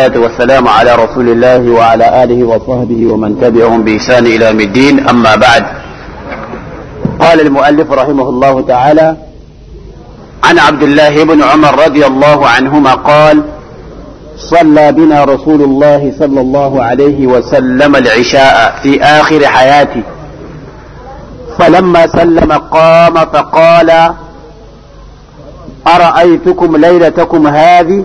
والصلاة والسلام على رسول الله وعلى آله وصحبه ومن تبعهم بإحسان إلى يوم الدين أما بعد قال المؤلف رحمه الله تعالى عن عبد الله بن عمر رضي الله عنهما قال صلى بنا رسول الله صلى الله عليه وسلم العشاء في آخر حياته فلما سلم قام فقال أرأيتكم ليلتكم هذه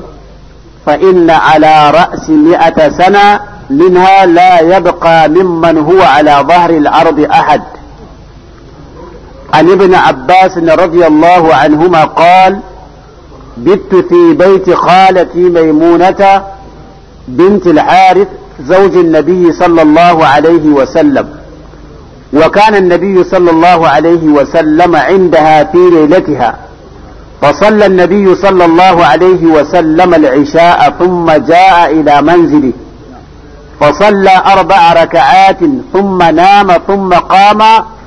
فإن على رأس مئة سنة منها لا يبقى ممن هو على ظهر الأرض أحد عن ابن عباس رضي الله عنهما قال بت في بيت خالتي ميمونة بنت الحارث زوج النبي صلى الله عليه وسلم وكان النبي صلى الله عليه وسلم عندها في ليلتها فصلى النبي صلى الله عليه وسلم العشاء ثم جاء إلى منزله فصلى أربع ركعات ثم نام ثم قام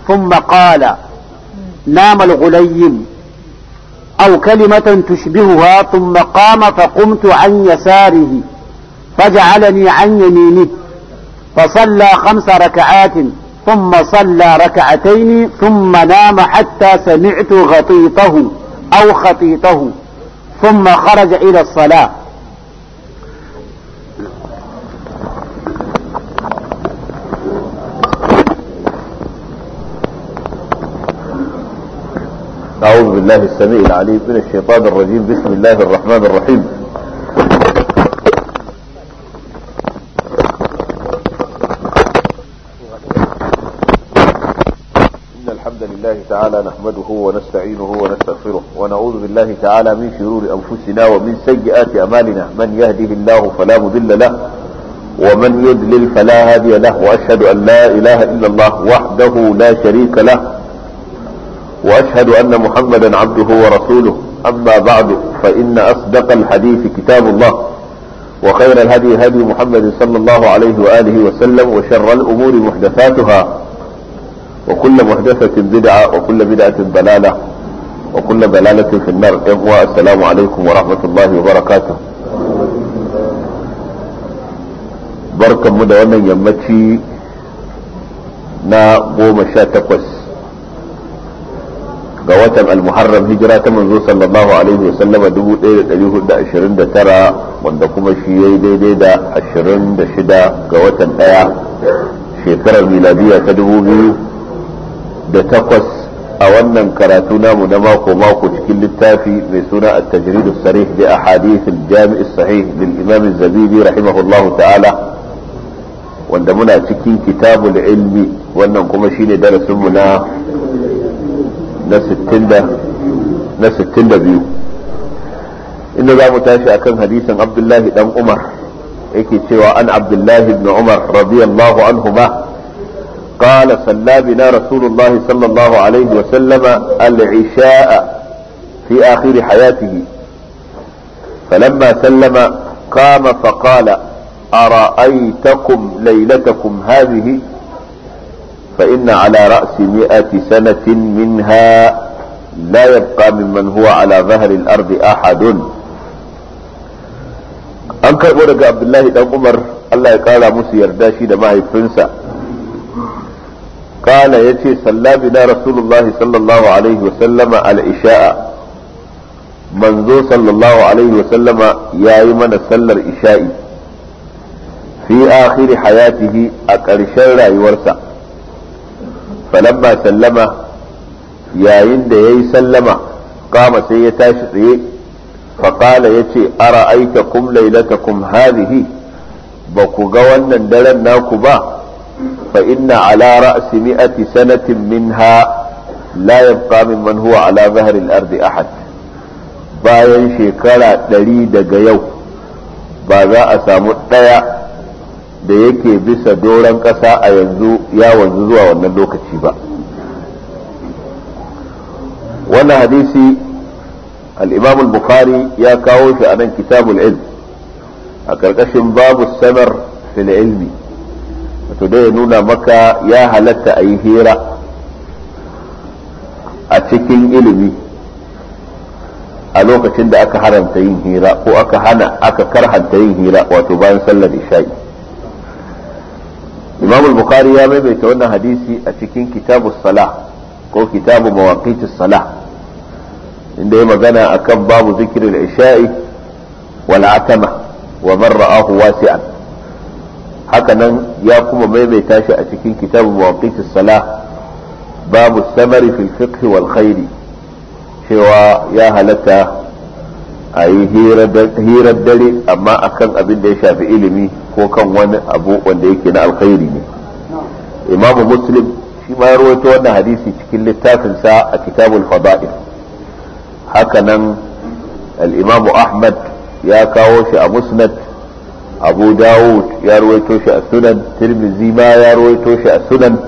ثم قال نام الغليم أو كلمة تشبهها ثم قام فقمت عن يساره فجعلني عن يمينه فصلى خمس ركعات ثم صلى ركعتين ثم نام حتى سمعت غطيطه أو خطيته ثم خرج إلى الصلاة أعوذ بالله السميع العليم من الشيطان الرجيم بسم الله الرحمن الرحيم الله تعالى نحمده ونستعينه ونستغفره ونعوذ بالله تعالى من شرور أنفسنا ومن سيئات أمالنا من يهده الله فلا مذل له ومن يدلل فلا هادي له وأشهد أن لا إله إلا الله وحده لا شريك له وأشهد أن محمدا عبده ورسوله أما بعد فإن أصدق الحديث كتاب الله وخير الهدي هدي محمد صلى الله عليه وآله وسلم وشر الأمور محدثاتها وكل محدثة بدعة وكل بدعة ضلالة وكل ضلالة في النار إخوة السلام عليكم ورحمة الله وبركاته بركة مدى وانا يمتي نا قوم شاتكوس قواتم المحرم هجرة منذ صلى الله عليه وسلم دبو ايه اليه دا عشرين دا ترى واندكم الشيئي دي دي دا عشرين دا شدا قواتم ايه شكرا ميلادية تدبو بيه da takwas a wannan karatu namu na mako-mako cikin littafi mai suna a tajridu sarih bi ahadith al sahih lil imam az-zabibi rahimahullah ta'ala wanda muna cikin kitabul ilmi wannan kuma shine darasin mu na na 60 na 62 inda zamu tashi tashi akan hadisin Abdullahi dan Umar yake cewa an Abdullahi ibn Umar radiyallahu anhuma قال صلى بنا رسول الله صلى الله عليه وسلم العشاء في آخر حياته فلما سلم قام فقال أرأيتكم ليلتكم هذه فإن على رأس مئة سنة منها لا يبقى ممن هو على ظهر الأرض أحد أنكر ورق عبد الله dan umar allah قال ƙara musu yarda shi قال يتي صلى بنا رسول الله صلى الله عليه وسلم على إشاء منذ صلى الله عليه وسلم يا من سلر إشائي في آخر حياته أكرشان رأي ورسا فلما سلم يا يند يي سلم قام سيتاش فقال يتي أرأيتكم ليلتكم هذه بكو قوانا دلنا كبا فإن على رأس مئة سنة منها لا يبقى من من هو على ظهر الأرض bayan shekara ɗari daga yau ba za a samu ɗaya da yake bisa doron ƙasa a yanzu ya wanzu zuwa wannan lokaci ba wannan hadisi al’imam al-bukhari ya kawo shi a nan kitabul ilm a ƙarƙashin babu samar fil ilmi wato dai ya nuna maka ya halatta a yi hira a cikin ilimi a lokacin da aka haramta yin hira ko aka hana aka karhanta yin hira wato bayan sallar isha'i imam bukhari ya maimaita wannan hadisi a cikin kitabu sala ko kitabu mawaqitis sala inda ya magana akan babu zikirin isha'i wal wa man ra'ahu wasi'an hakanan ya kuma maimaita shi a cikin kitabun mawaƙitis salah babu samari fil fiqh wal khairi cewa ya halatta a yi hirar dare amma akan abin da ya shafi ilimi ko kan wani abu wanda yake na alkhairi ne imamu muslim shi ma rawaito wannan hadisi cikin littafinsa a kitabul fada'il haka al-imamu ahmad ya kawo shi a musnad abu dawud ya ruwaito shi a sunan tirmizi ma ya ruwaito shi a sunan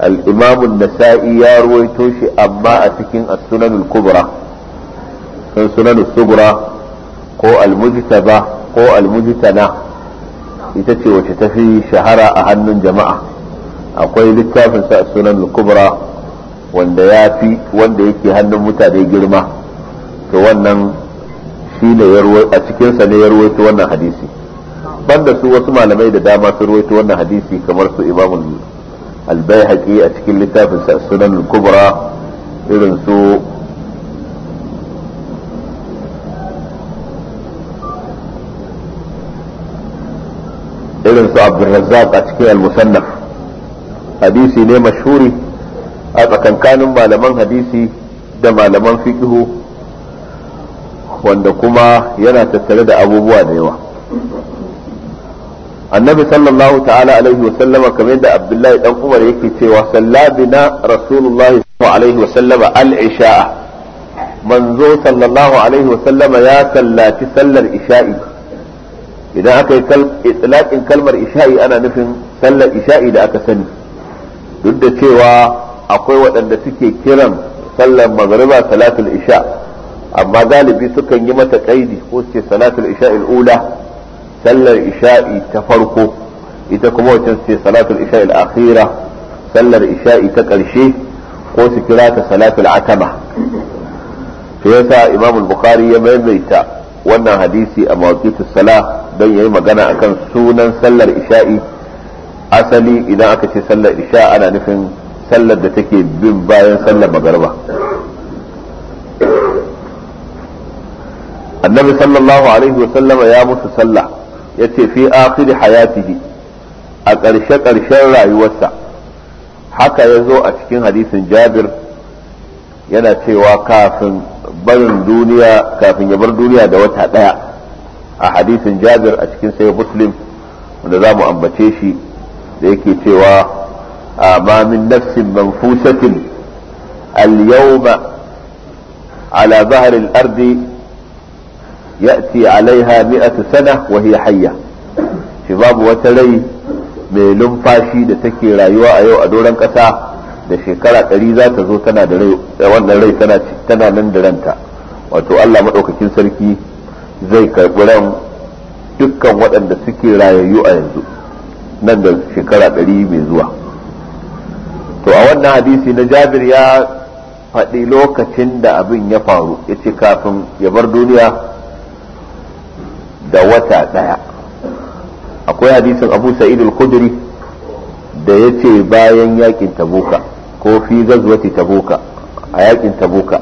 al'imamin imam nasai ya ruwaito shi amma a cikin as-sunan al-kubra sunan al-kubra ko al-mujtaba ko al ita ce wacce ta fi shahara a hannun jama'a akwai littafinsa sa sunan al-kubra wanda ya fi wanda yake hannun mutane girma to wannan shi ne a cikinsa ne ya ruwaito wannan hadisi banda su wasu malamai da dama sun ruwaito wannan hadisi kamar su Imam Al-Baihaqi a cikin littafin sa Sunan Al-Kubra irin su irin su Abdurrazzaq a cikin Al-Musannaf hadisi ne mashhuri a tsakankanin malaman hadisi da malaman fiqhu wanda kuma yana tattare da abubuwa da yawa annabi sallallahu ta'ala alaihi wa sallama kamar da abdullahi dan umar yake cewa sallabina rasulullahi alaihi wa sallama al-isha'a manzo sallallahu alaihi wa sallama ya sallaci sallar isha'i idan aka yi itlaqin kalmar isha'i ana nufin sallar isha'i da aka sani duk da cewa akwai waɗanda suke kiran sallar magriba salatul isha amma galibi sukan yi mata kaidi ko suke ce salatul isha'il ula sallar isha'i ta farko ita kuma wacce ce salatul isha'i al sallar isha'i ta ƙarshe ko su kira ta salatul atama to yasa imam bukhari ya maimaita wannan hadisi a mawaqitus sala don yayi magana akan sunan sallar isha'i asali idan aka ce sallar isha'i ana nufin sallar da take bin bayan sallar magarba annabi sallallahu alaihi wa sallama ya musu sallah yace fi akhir hayatihi a ƙarshe ƙarshen rayuwarsa haka ya zo a cikin hadisin jabir yana cewa kafin barin duniya kafin ya bar duniya da wata ɗaya a hadisin jabir a cikin sai muslim wanda za mu ambace shi da yake cewa amma min nafsin manfusatin al-yawma ala zahar al-ardi ya'ti alaiha mi'atu sana wa hiya hayya shi babu wata rai mai numfashi da take rayuwa a yau a doron ƙasa da shekara ɗari za ta zo tana da wannan rai tana tana nan da ranta wato Allah maɗaukakin sarki zai karɓi ran dukkan waɗanda suke rayayyu a yanzu nan da shekara ɗari mai zuwa to a wannan hadisi na jabir ya faɗi lokacin da abin ya faru ya ce kafin ya bar duniya da wata ɗaya akwai hadisin abu sa'id al-khudri da yace bayan yakin tabuka ko fi gazwati tabuka a yakin tabuka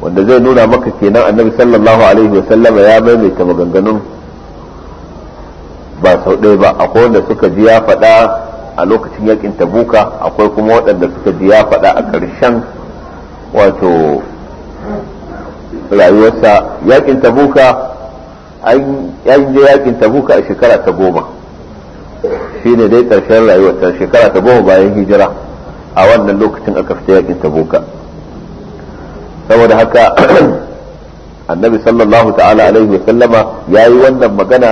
wanda zai nuna maka kenan annabi sallallahu alaihi wa sallama ya maimaita maganganun ba sau ɗaya ba akwai wanda suka ji ya faɗa a lokacin yakin tabuka akwai kuma waɗanda suka ji ya faɗa a ƙarshen wato rayuwarsa yakin tabuka an je yakin tabuka a shekara ta goma shi ne dai ƙarshen rayuwarsa shekara ta goma bayan hijira a wannan lokacin aka fita yakin tabuka saboda haka annabi sallallahu ta'ala alaihi wa sallama ya yi wannan magana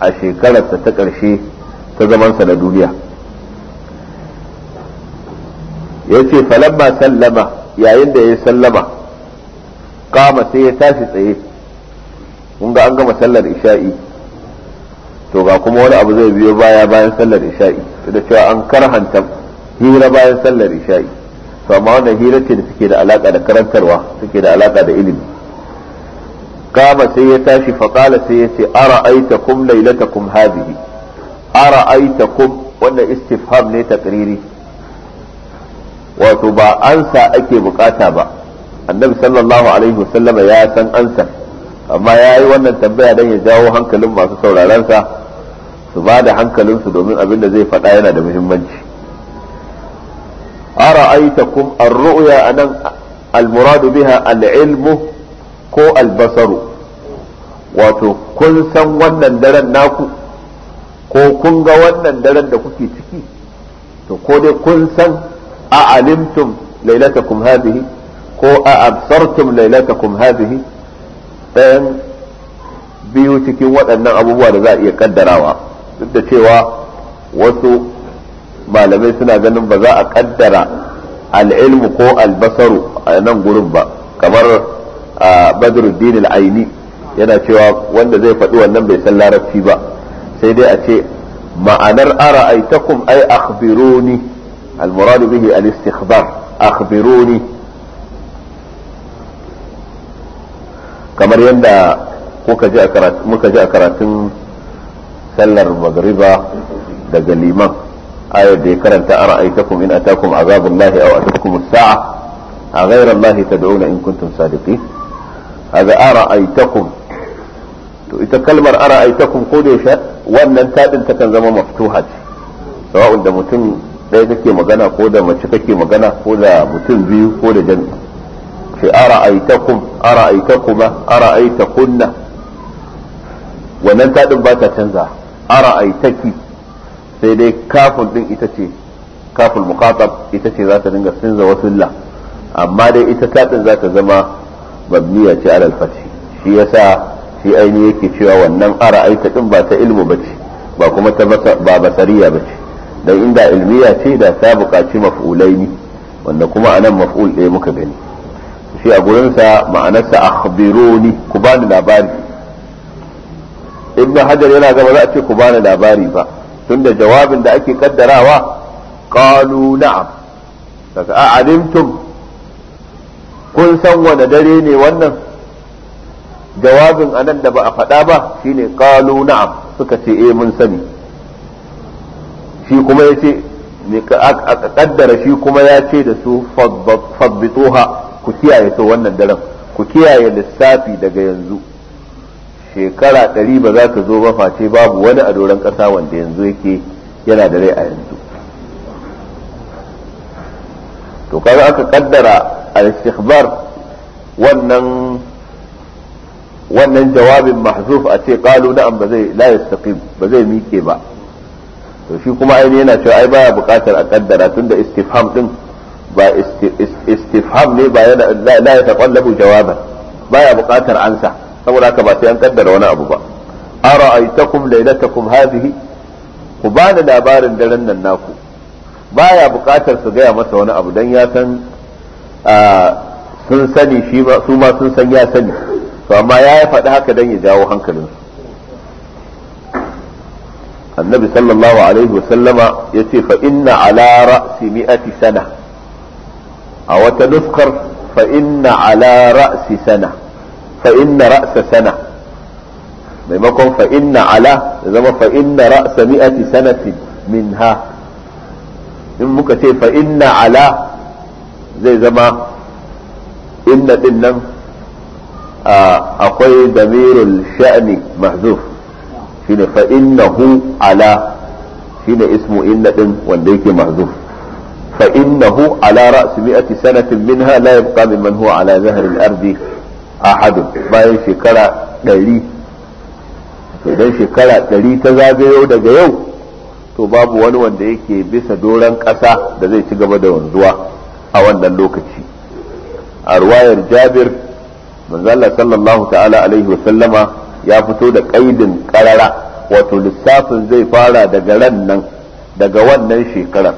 a shekararsa ta ƙarshe ta zamansa na duniya ya ce falamma sallama yayin da ya sallama kama sai ya tashi tsaye kun ga an gama sallar isha'i to ga kuma wani abu zai biyo baya bayan sallar isha'i da cewa an karhanta hira bayan sallar isha'i to amma wannan hira ce da suke da alaka da karantarwa suke da alaka da ilimi kama sai ya tashi faƙala sai ya ce ara aita kum lailata kum hadhihi ara aita kum wannan istifham ne takriri wato ba ansa ake bukata ba annabi sallallahu alaihi wasallam ya san ansa amma ya yi wannan tambaya don ya jawo hankalin masu saurarensa su ba da hankalinsu domin abin da zai faɗa yana da muhimmanci ara'aytakum ar-ru'ya anan al-muradu biha al-ilmu ko al-basaru wato kun san wannan daren naku ko kun ga wannan daren da kuke ciki to ko dai kun san a alimtum lailatakum hadhihi ko a absartum lailatakum hadhihi ɗayan biyu cikin waɗannan abubuwa da za a iya kaddarawa duk da cewa wasu malamai suna ganin ba za a kaddara al'ilmu ko albasaru a nan gurin ba kamar a badruddin al'aini yana cewa wanda zai faɗi wannan bai san larabci ba sai dai a ce ma'anar ara aitakum ai akhbiruni al-muradu bihi al-istikhbar akhbiruni kamar yadda kuka ji muka ji a karatun sallar magriba daga liman ayar da ya karanta a ra'aitakum in atakum azabullahi aw atakum as-sa'a a lahi ta da'una in kuntum sadiqin hadha ara'aitakum to ita kalmar ara'aitakum ko da wannan taɗin ta kan zama maftuha ce sawa'un da mutum ɗaya kake magana ko da mace kake magana ko da mutum biyu ko da jami'a ce ara'aitakum ara'aitakuma ara'aitakunna wannan taɗin ba ta canza ara'aitaki sai dai kafin din ita ce kafin muqatab ita ce za ta dinga sinza wasulla amma dai ita taɗin za ta zama miya ce alal fathi shi yasa shi aini yake cewa wannan ara'aita ɗin ba ta ilmu bace ba kuma ba basariya bace dan inda ilmiya ce da ta buƙaci maf'ulaini wanda kuma anan maf'ul ɗaya muka gani shi a gurinsa ma'anarsa akhbiruni ku bani labari ibn hajar yana gaba za a ce ku bani labari ba tunda jawabin da ake kaddarawa qalu na'am daga a alimtum kun san wani dare ne wannan jawabin anan da ba a faɗa ba shine qalu na'am suka ce eh mun sani shi kuma yace ne a kaddara shi kuma ya ce da su fadbituha ku kiyaye to wannan daren ku kiyaye lissafi daga yanzu shekara ɗari ba za ta zo ba face babu wani a doron ƙasa wanda yanzu yake yana da rai a yanzu to kaga aka kaddara al-istikhbar wannan wannan jawabin mahzuf a ce qalu na'am ba zai la yastaqim ba zai mike ba to shi kuma aini yana cewa ai baya buƙatar a kaddara tunda istifham din ba istifham ne ba yana la ya taqallabu jawaban baya buƙatar ansa saboda haka ba sai an kaddara wani abu ba ara'aytakum laylatakum hadhihi ku bani labarin daren nan naku baya buƙatar su gaya masa wani abu dan ya san sun sani shi ba su ma sun san ya sani to amma ya faɗi haka dan ya jawo hankalinsu annabi sallallahu alaihi wasallama yace fa inna ala ra'si mi'ati sana أو تنذكر فإن على رأس سنة فإن رأس سنة maimakon fa'inna ala da zama fa'inna ra'sa mi'ati sanatin minha in muka ce fa'inna ala zai zama inna din nan akwai damirul sha'ni mahzuf shine fa'innahu ala shine ismu inna din wanda yake mahzuf فإنه على رأس مئة سنة منها لا يبقى ممن هو على ظهر الأرض أحد bayan shekara ɗari idan shekara ɗari ta zagayo daga yau to babu wani wanda yake bisa doron ƙasa da zai ci gaba da wanzuwa a wannan lokaci a ruwayar jabir manzala sallallahu ta'ala alaihi wasallama ya fito da ƙaidin ƙarara wato lissafin zai fara daga ran nan daga wannan shekarar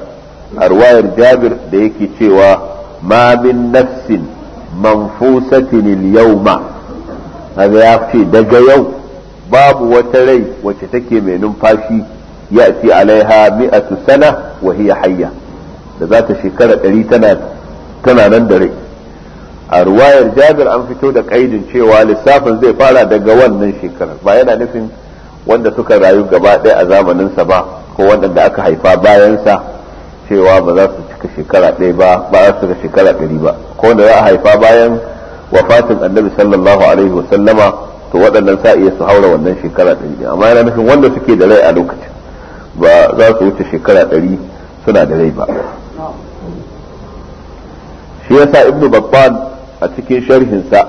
a ruwayar jabir da yake cewa ma min nafsin manfusatin yawma haka ya ce daga yau babu wata rai wacce take mai numfashi ya ci alaiha mi'atu sana wa hiya hayya da za shekara ɗari tana tana nan da rai a jabir an fito da kaidin cewa lissafin zai fara daga wannan shekarar ba yana nufin wanda suka rayu gaba ɗaya a zamaninsa ba ko waɗanda aka haifa bayansa cewa ba za su cika shekara ɗaya ba ba za su cika shekara ɗari ba ko da za a haifa bayan wafatin annabi sallallahu alaihi wasallama to waɗannan sa iya su haura wannan shekara ɗari amma yana nufin wanda suke da rai a lokacin ba za su wuce shekara ɗari suna da rai ba shi yasa ibnu babban a cikin sharhinsa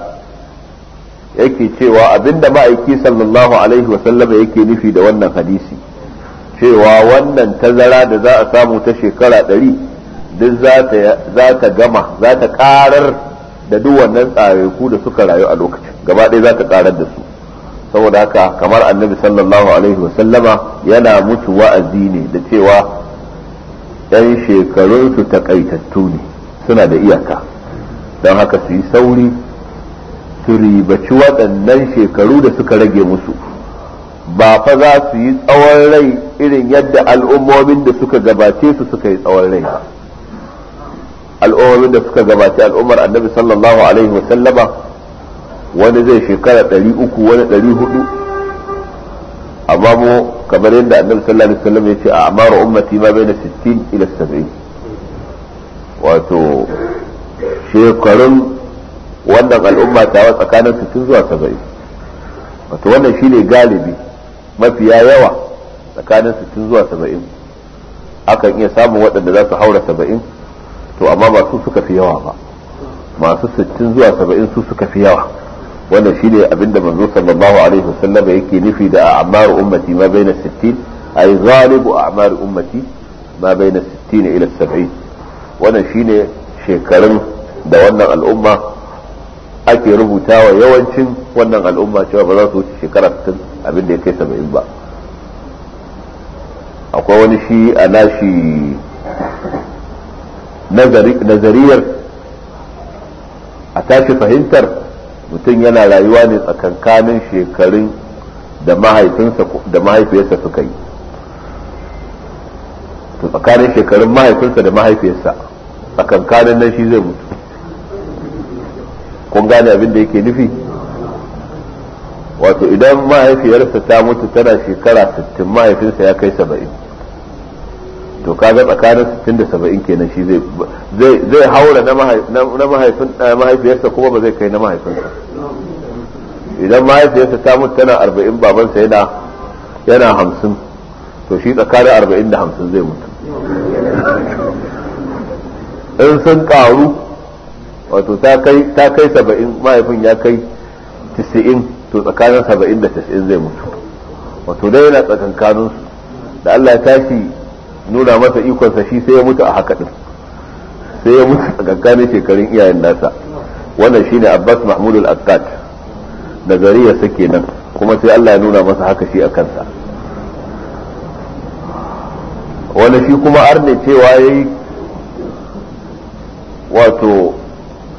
yake cewa abinda ma'aiki sallallahu alaihi wasallama yake nufi da wannan hadisi cewa wannan tazara da za a samu ta shekara ɗari duk za ta gama za ta karar da duk wannan tsareku da suka rayu a lokacin gaba ɗaya za ta karar da su saboda haka kamar annabi sallallahu alaihi wasallama yana mutu wa'azi ne da cewa ɗan shekarunsu taƙaitattu ne suna da iyaka don haka su yi sauri su ribaci waɗannan shekaru da suka rage musu ba fa za su yi tsawon rai irin yadda al'ummomin da suka gabace su suka yi tsawon rai al'ummomin da suka gabace al'ummar annabi sallallahu alaihi wa sallama wani zai shekara ɗari uku wani ɗari hudu amma mu kamar yadda annabi sallallahu alaihi wasallam ya ce a amara ummati ma baina 60 ila 70 wato shekarun wannan al'umma ta wa tsakanin 60 zuwa 70 wato wannan shine galibi mafiya yawa tsakanin 60 zuwa 70 akan iya samun waɗanda za su haura 70 to amma ba su suka fi yawa ba masu 60 zuwa 70 su suka fi yawa wannan shine abinda manzo sallallahu alaihi wasallam yake nufi da a'mar ummati ma baina 60 ay ghalibu a'mar ummati ma baina 60 ila 70 wannan shine shekarun da wannan al'umma ake rubutawa yawancin wannan al'umma cewa ba za su wuce shekara 60 abin da ya kai saba'in ba akwai wani shi a nashi nazariyar a tashi fahimtar mutum yana rayuwa ne tsakankanin shekarun da mahaifiyarsa suka yi to tsakanin shekarun mahaifinsa da mahaifiyarsa tsakankanin nan shi zai mutu kun gane abin da yake nufi wato idan mahaifiyarsa ta mutu tana shekara 60 mahaifinsa ya kai 70 to kaga tsakanin 60 da 70 kenan shi zai zai haura na mahaifin eh, mahaifiyarsa kuma ba zai kai na mahaifinsa idan mahaifiyarsa ta mutu tana 40 babansa yana yana 50 to shi tsakanin 40 da 50 zai mutu in sun karu wato ta kai 70 mahaifin ya kai 90 to tsakanin saba'in da tas'in zai mutu wato dai yana tsakankanin su da Allah ya tashi nuna masa ikonsa shi sai ya mutu a haka din sai ya mutu tsakankanin shekarun iyayen nasa wannan shine Abbas Mahmud al-Akkad da gari ya sake nan kuma sai Allah ya nuna masa haka shi a kansa wani shi kuma arne cewa yi wato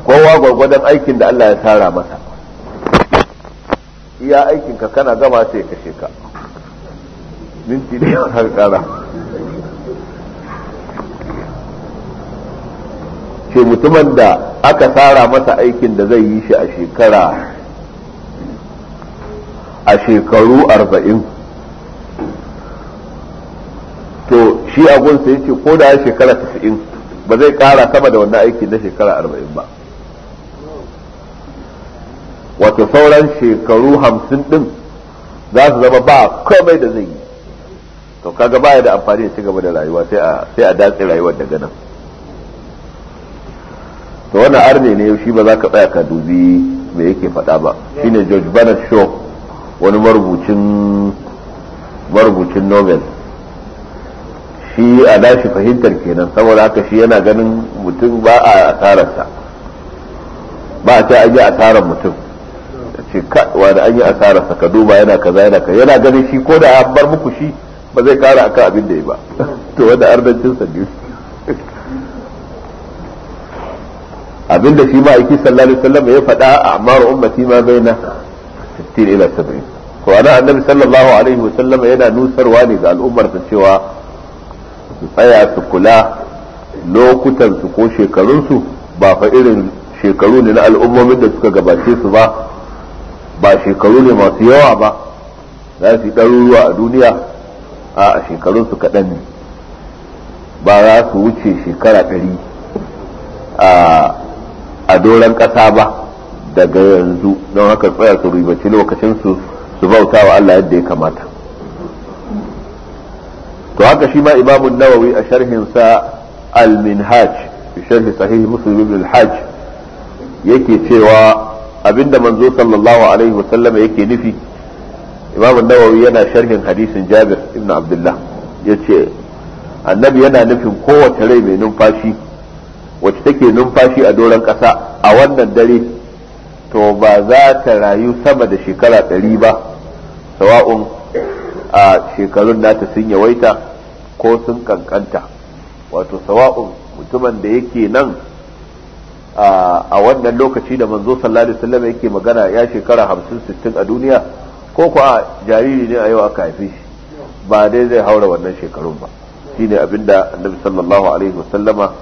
kowa gwargwadon aikin da Allah ya tsara masa iya aikinka kana gama sai kashe ka minti ne har kara ce mutumin da aka tsara masa aikin da zai yi shi a shekara a shekaru arba'in to shi abunsa ya ce ko da shekara tasa'in ba zai kara sama da wannan aiki na shekara arba'in ba wato sauran shekaru hamsin din za su zama ba komai da zai yi to kaga baya da amfani da cigaba da rayuwa sai a sai datse rayuwar daga nan to wannan arne ne shi ba za ka tsaya ka dubi me yake faɗa ba shine George Bernard Shaw wani marubucin marubucin Nobel shi a dashi fahimtar kenan saboda haka shi yana ganin mutum ba a asararsa ba a ce an yi asarar mutum ce da an yi asara ka duba yana kaza yana ka yana ganin shi ko da an bar muku shi ba zai kara akan abin da ya ba to wanda ardancin sa ne abin da shi ma'aiki sallallahu alaihi wasallam ya faɗa a amar ummati ma baina 60 ila 70 ko ana annabi sallallahu alaihi wasallam yana nusarwa ne ga al'ummar ta cewa su tsaya su kula lokutan su ko shekarun su ba fa irin shekaru ne na al'ummomin da suka gabace su ba ba shekaru ne masu yawa ba za su yi ɗaruruwa a duniya a shekarun su kaɗan ne ba za su wuce shekara ɗari a doron ƙasa ba daga yanzu don haka tsaya su ribaci lokacinsu su bauta wa Allah yadda ya kamata to haka shi ma imamun nawawi a sharhinsa al-minhaj sharhi sahih muslim ibn al-hajj yake cewa abinda manzo sallallahu alaihi wasallam yake nufi imam nawawi yana sharhin hadisin jabir ibn abdullah yace annabi yana nufin kowace rai mai numfashi wacce take numfashi a doron ƙasa a wannan dare to ba za ta rayu sama da shekara ɗari ba sawa'un a shekarun nata sun yawaita ko sun kankanta wato sawa'un mutumin da yake nan a wannan lokaci da manzo sallallahu alaihi wasallam yake magana ya shekara 50 60 a duniya ko kuwa jariri ne a yau aka haife shi ba dai zai haura wannan shekarun ba shine abinda annabi sallallahu alaihi wasallama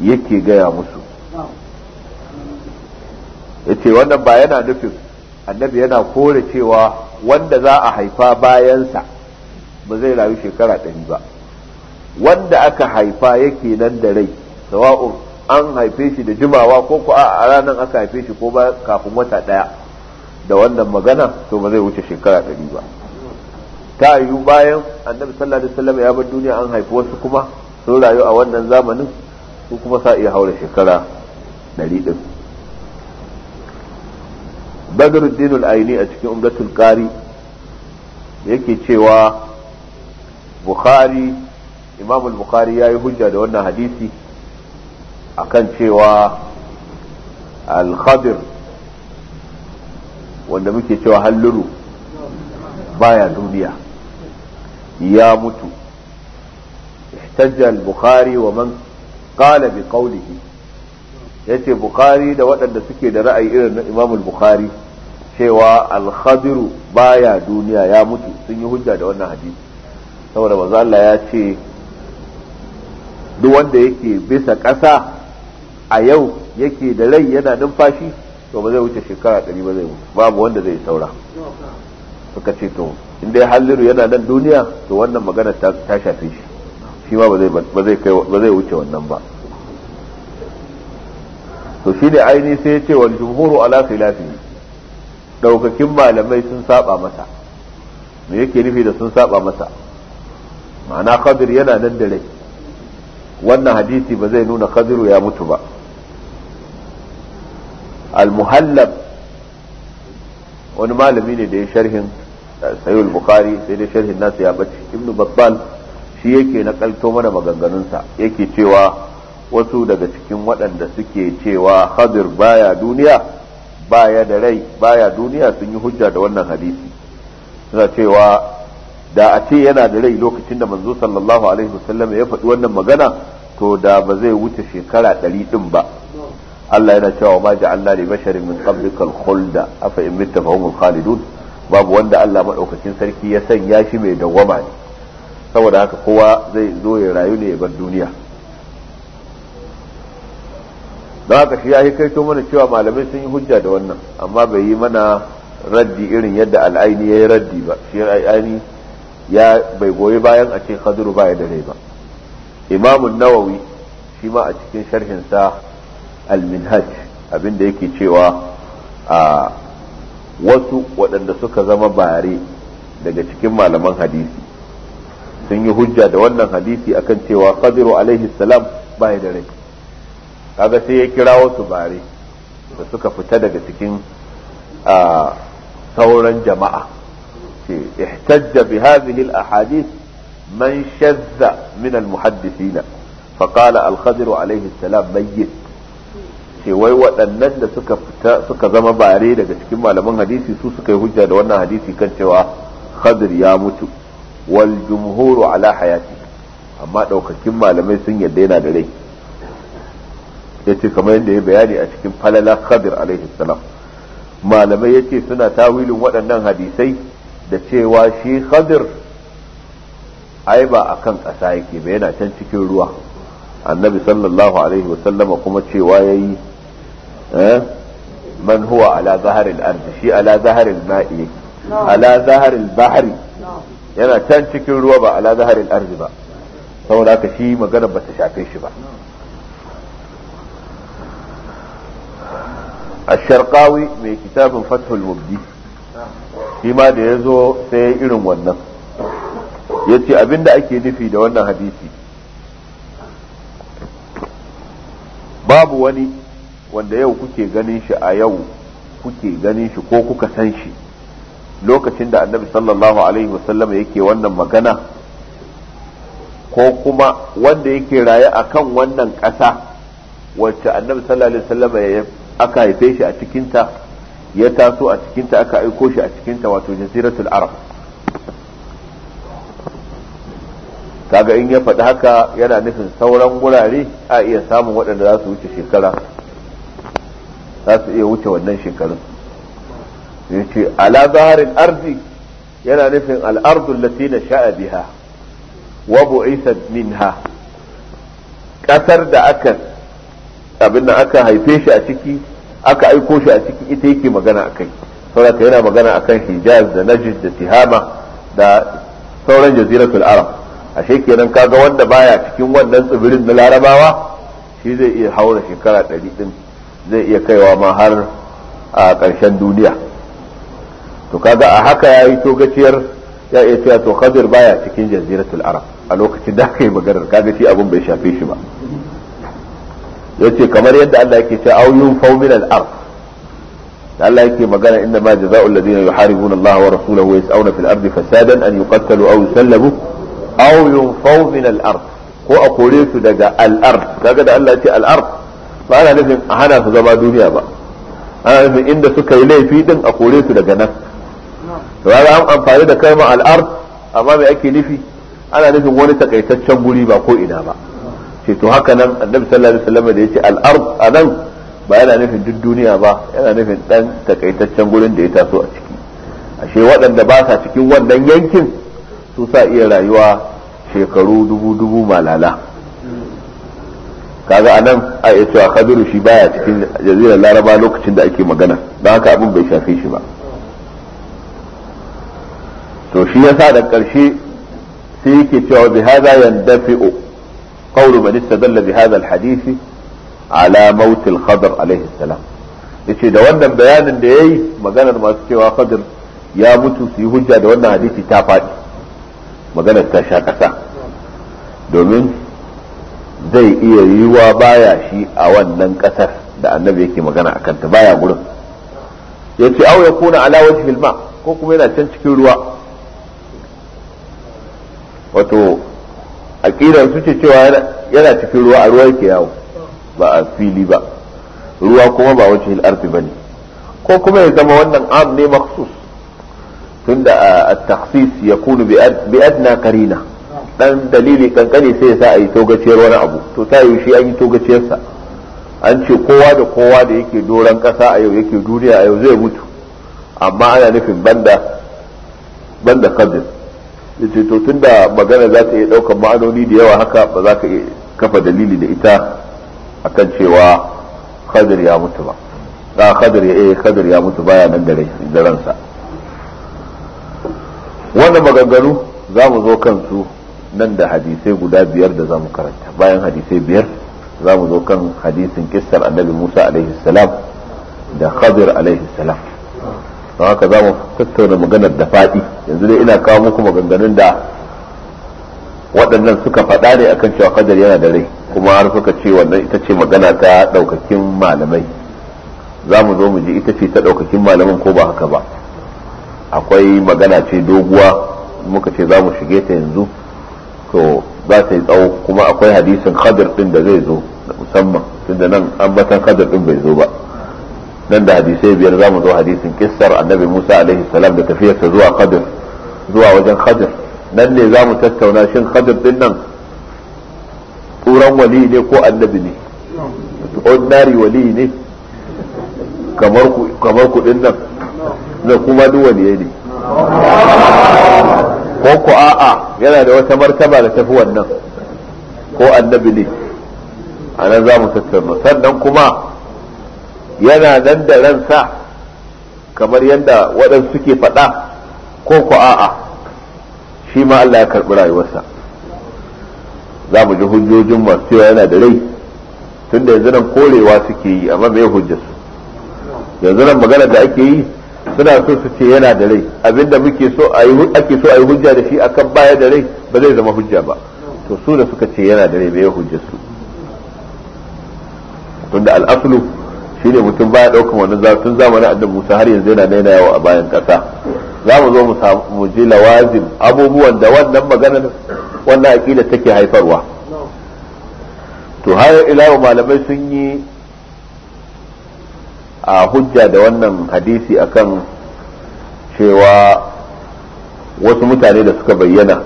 yake gaya musu yace wannan ba yana nufin annabi yana kore cewa wanda za a haifa bayansa ba zai rayu shekara ɗari ba wanda aka haifa yake nan da rai sawa'un an haife shi da jimawa ko ku a ranar aka haife shi ko ba kafin wata ɗaya da wannan magana to ba zai wuce shekara ɗari ba ta yiwu bayan annabi sallallahu alaihi wasallam ya bar duniya an haifi wasu kuma sun rayu a wannan zamanin su kuma sa iya haura shekara ɗari ɗin badruddin al-aini a cikin umdatul qari yake cewa bukhari imam al-bukhari yayi hujja da wannan hadisi akan cewa alkhadir wanda muke cewa halluru baya duniya ya mutu ihtajjal bukhari wa man qala bi qawlihi yace bukhari da waɗanda suke da ra'ayi irin na imam bukhari cewa alkhadiru baya duniya ya mutu sun yi hujja da wannan hadisi saboda manzo Allah ya ce duk wanda yake bisa ƙasa a yau yake da rai yana numfashi to ba zai wuce shekara ɗari ba zai mutu babu wanda zai saura suka ce to in dai halliru yana nan duniya to wannan magana ta shafe shi shi ma ba zai wuce wannan ba to shi ne aini sai ya ce wa jumhuru ala filafi daukakin malamai sun saba masa me yake nufi da sun saba masa ma'ana qadir yana nan da rai wannan hadisi ba zai nuna qadiru ya mutu ba al wani malami ne da ya sharhin eh, sayyid bukhari sai dai sharhin nasu ya bace ibnu babbal shi yake nakalto mana maganganunsa yake cewa wasu daga cikin waɗanda suke cewa hadir baya duniya baya da rai baya duniya sun yi hujja da wannan hadisi suna cewa da a ce yana da rai lokacin da manzo sallallahu alaihi wasallam ya faɗi wannan magana to da ba zai wuce shekara ɗari ɗin ba Allah yana cewa ma ja'alna li basharin min qablika al-khulda afa in mitta fa humul khalidun babu wanda Allah madaukakin sarki ya sanya shi mai dawwama ne saboda haka kowa zai zo ya rayu ne ya bar duniya don haka shi ya yi kaito mana cewa malamai sun yi hujja da wannan amma bai yi mana raddi irin yadda al'aini ya yi raddi ba shi al'aini ya bai goyi bayan a ce khadiru baya da rai ba imamun nawawi shi ma a cikin sharhinsa al-minhaj abinda yake cewa a wasu waɗanda suka zama bare daga cikin malaman hadisi sun yi hujja da wannan hadisi akan cewa khadiru alaihi salam baya da rai kaga sai ya kira wasu bare da suka fita daga cikin sauran jama'a ce ihtajja bi hadhihi al-ahadith man shadda min al-muhaddithina فقال الخضر عليه السلام ميت ce wai waɗannan da suka fita suka zama bare daga cikin malaman hadisi su suka yi hujja da wannan hadisi kan cewa khadir ya mutu wal jumhuru ala hayati amma ɗaukakin malamai sun yadda yana da rai yace kamar yadda ya bayani a cikin falala khadir alaihi salam malamai yace suna tawilin waɗannan hadisai da cewa shi khadir ai ba akan ƙasa yake ba yana can cikin ruwa annabi sallallahu alaihi wasallama kuma cewa yayi Eh? man huwa ala zaharil ardi shi yana can cikin ruwa ba ala zaharil ardi ba saboda haka shi magana bata shafe shi ba الشرقاوي mai كتاب فتح المبدي فيما da ya zo sai irin wannan ya ce abinda ake nufi da wannan hadisi babu wani wanda yau kuke ganin shi a yau kuke ganin shi ko kuka san shi lokacin da annabi sallallahu alaihi wasallam yake wannan magana ko kuma wanda yake raye a kan wannan ƙasa wacce annabi sallallahu alaihi wasallam aka haife shi a cikinta ya taso a cikinta aka aiko shi a cikinta wato jaziratul arab kaga in ya faɗi haka yana nufin sauran wurare a iya samun waɗanda za su wuce shekara za su iya wuce wannan shekarun ya ce ala zaharin arzi yana nufin al'ardun latina sha'a biha wa bu'isa minha ƙasar da aka abin da aka haife shi a ciki aka aiko shi a ciki ita yake magana a kai sauraka yana magana a kan hijaz da najis da tihama da sauran jaziratul arab ashe kenan kaga wanda baya cikin wannan tsibirin na larabawa shi zai iya haura shekara ɗari ɗin zai iya kaiwa ma har a ƙarshen duniya to kaga a haka ya yi togaciyar ya iya cewa to khadir baya cikin jaziratul arab a lokacin da aka yi maganar kaga shi abin bai shafe shi ba yace kamar yadda Allah yake cewa auyun yun al ard Allah yake magana inna ma jazaa'u alladhina yuharibuna Allah wa rasulahu wa yas'una fil ardi fasadan an yuqtalu aw yusallabu aw yunfaw min al ard ko a kore su daga al ard kaga da Allah ya ce al ard ba ana nufin a hana su zama duniya ba ana nufin inda suka yi laifi din a kore su daga nan to ga an amfani da kalma al'ar amma mai ake nufi ana nufin wani takaitaccen guri ba ko ina ba ce to haka nan annabi sallallahu alaihi wasallam da yace a anan ba yana nufin duk duniya ba yana nufin dan takaitaccen gurin da ya taso a ciki ashe waɗanda ba sa cikin wannan yankin su sa iya rayuwa shekaru dubu dubu malala kaga anan a iya cewa kabiru shi baya cikin jazirar laraba lokacin da ake magana don haka abin bai shafe shi ba to shi yasa da ƙarshe sai yake cewa bi hada yandafi'u qawlu man istadalla bi hadha alhadisi ala maut al alayhi salam yace da wannan bayanin da yayi maganar masu cewa khadr ya mutu su yi hujja da wannan hadisi ta faɗi maganar ta sha ƙasa domin zai iya yiwuwa baya shi a wannan ƙasar da annabi yake magana a kanta baya gurin ya ce au ya kuna alawar filma ko kuma yana can cikin ruwa wato aƙidar su ce cewa yana cikin ruwa a ruwa yake yawo ba a fili ba ruwa kuma ba wace hil'arfi ba ne ko kuma ya zama wannan am ne maksus tunda a taksis ya kunu bi adna karina dan dalili kankani sai ya sa a yi togaciyar wani abu to ta yi shi an yi togaciyarsa an ce kowa da kowa da yake doron ƙasa a yau yake duniya a yau zai mutu amma ana nufin banda banda kabir yace to tunda magana za ta iya ɗaukar ma'anoni da yawa haka ba za ka iya kafa dalili da ita akan cewa kadir ya mutu ba a kadir ya eh kadir ya mutu baya nan da ransa wannan maganganu za mu zo kansu nan da hadisai guda biyar da za mu karanta bayan hadisai biyar za mu zo kan hadisin kissar annabi musa alaihi salam da khadir alaihi salam don haka za mu tattauna maganar da faɗi yanzu dai ina kawo muku maganganun da waɗannan suka faɗa ne akan cewa khadir yana da rai kuma har suka ce wannan ita ce magana ta ɗaukakin malamai za mu zo mu ji ita ce ta ɗaukakin malamin ko ba haka ba akwai magana ce doguwa muka ce za mu shige ta yanzu to za ta yi tsawo kuma akwai hadisin khadir din da zai zo musamman tunda nan ambatan khadir din bai zo ba nan da hadisai biyar za mu zo hadisin kissar annabi musa alaihi salam da tafiyarsa zuwa khadir zuwa wajen khadir nan ne za mu tattauna shin khadir din nan turan wali ne ko annabi ne ordinary wali ne kamar ku din nan da kuma duk waliyai ne ko ku a'a yana da wata martaba da tafi wannan ko annabi ne a nan za mu tattauna sannan kuma yana nan da ransa kamar yadda waɗansu suke faɗa ko ku a'a shi ma Allah ya karɓi rayuwarsa za mu ji hujjojin masu cewa yana da rai tunda yanzu nan korewa suke yi amma me hujjarsu yanzu nan maganar da ake yi suna so su ce yana da rai abinda muke so a yi ake so a yi hujja da shi akan baya da rai ba zai zama hujja ba to su da suka ce yana da rai bai hujja su tunda al'aslu shine mutum baya daukan wannan tun zamanin annabi Musa har yanzu yana daina yawo a bayan kasa za mu zo mu ji lawazim abubuwan da wannan maganar wannan aqida take haifarwa to har ila malamai sun yi a hujja da wannan hadisi akan cewa wasu mutane da suka bayyana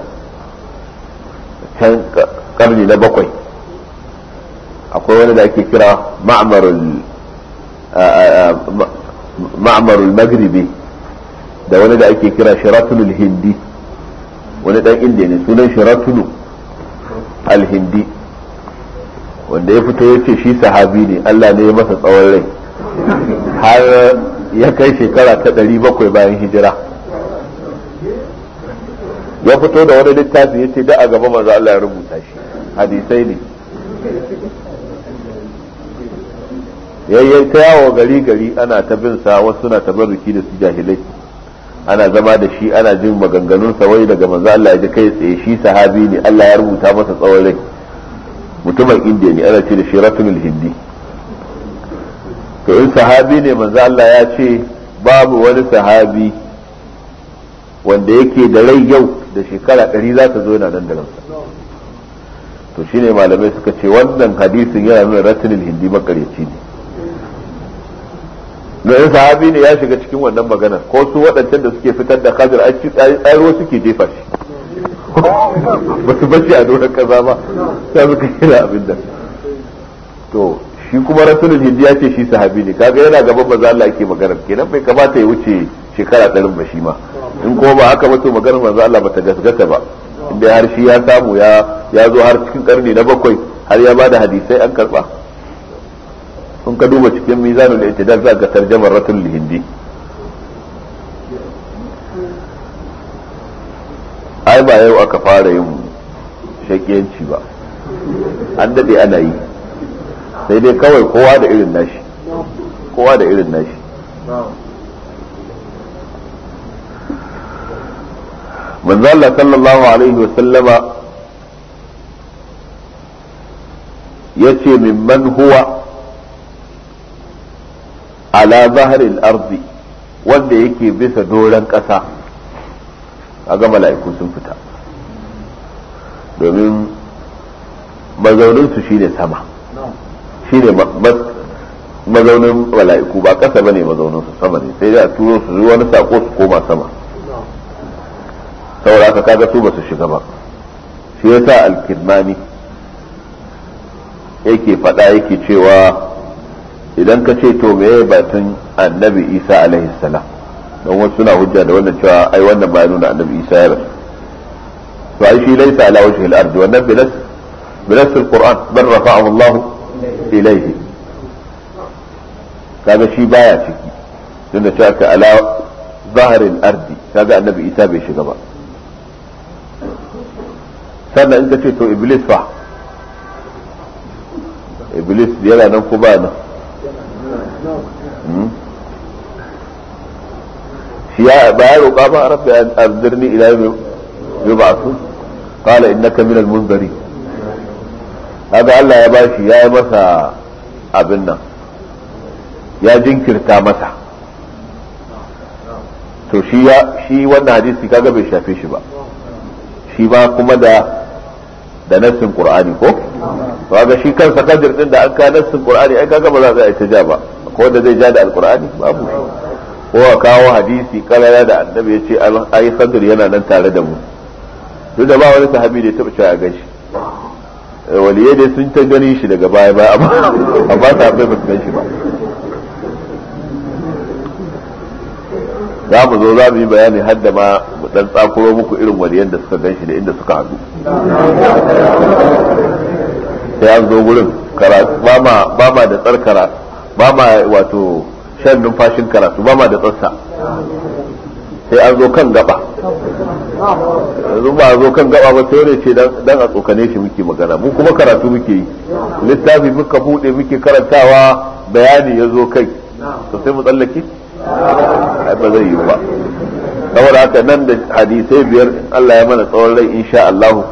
can karni na bakwai akwai wani da ake kira ma'amarul magribi da wani da ake kira shiratunul hindi wani dan indiya ne sunan shiratunu al-hindi wanda ya fito ya ce shi sahabi ne allah ne ya masa tsawon rai har ya kai shekara ta ɗari bakwai bayan hijira ya fito da wani littafi ya ce da a gaba manzo Allah ya rubuta shi hadisai ne ta yawo gari gari ana ta bin sa wasu suna baruki da su jahilai ana zama da shi ana jin maganganun sa wai daga manzo Allah ya kai tsaye shi sahabi ne Allah ya rubuta masa tsawon rai mutumin indiya ne ana ce da shi ratunul hindi to in sahabi ne manzo Allah ya ce babu wani sahabi wanda yake da rai yau da shekara ɗari za ta zo yana nan da nan to shine malamai suka ce wannan hadisin yana nuna ratinin hindi makaryaci ne na in sahabi ne ya shiga cikin wannan maganar ko su waɗancan da suke fitar da kadir a tsaro suke jefa shi ba su bace a doron kaza ba sai suka yi abin da to shi kuma rasulun hindi ya ce shi sahabi ne kaga yana gaban maza Allah ake magana kenan bai kamata ya wuce shekara ɗarin ba shi ma in kuma ba haka ba to maganar maza Allah bata gasgata ba inda har shi ya samu ya ya zo har cikin karni na bakwai har ya bada hadisai an karba in ka duba cikin ita i'tidal za ga tarjamar ratul hindi ai ba yau aka fara yin shakiyanci ba an daɗe ana yi sai dai kawai kowa da irin nashi kowa da irin nashi manzo Allah sallallahu alaihi wa sallama yace mimman huwa ala zahril arzi wanda yake bisa doron ƙasa gama mala'iku sun fita domin mazauninsu shine sama shine mazaunin mala'iku ba kasa bane mazaunin su sama ne sai da turo su zuwa wani sako su koma sama saboda ka kaga su ba su shiga ba shi yasa alkirmani yake faɗa yake cewa idan ka ce to meye batun annabi isa alaihi salam don wasu suna hujja da wannan cewa ai wannan ba nuna annabi isa ya rasu to ai shi laisa ala wajhi al-ard wannan bilas bilas al-qur'an bal rafa'ahu Allah إليه كذا شي بايع شكي لأن شاك على ظهر الأرض هذا النبي إتابي شكبا سنة إنك تيتو إبليس فح إبليس يلا ننكو بانا يا بارو بابا ربي أنذرني إلى يوم يبعثون قال إنك من المنذرين kaga Allah ya ba shi ya yi masa abin nan ya jinkirta masa to shi ya shi wannan hadisi kaga bai shafe shi ba shi ba kuma da da nassin qur'ani ko kaga shi kansa kadir din da an ka nassin qur'ani ai kaga ba za a yi ta ja ko da zai ja da alqur'ani babu ko a kawo hadisi karara da annabi ya ce ai sadr yana nan tare da mu duk da ba wani sahabi da ya taba cewa ga shi waliyai dai sun ta ganin shi daga baya baya amma ta bai ba shi ba za mu zo za mu yi bayani har da ma mu dan tsakuro muku irin waliyan da suka gan shi da inda suka haɗu sai an zo gurin ba ma da tsarkara ba ma wato shan numfashin karatu ba ma da tsarsa sai an zo kan gaba yanzu ba zo kan gaba ba sai ce dan a tsokane shi muke magana mu kuma karatu muke yi littafi muka bude muke karantawa bayani ya zo kai to sai mu tsallake ba zai yi ba saboda haka nan da hadisai biyar Allah ya mana tsawon rai insha Allah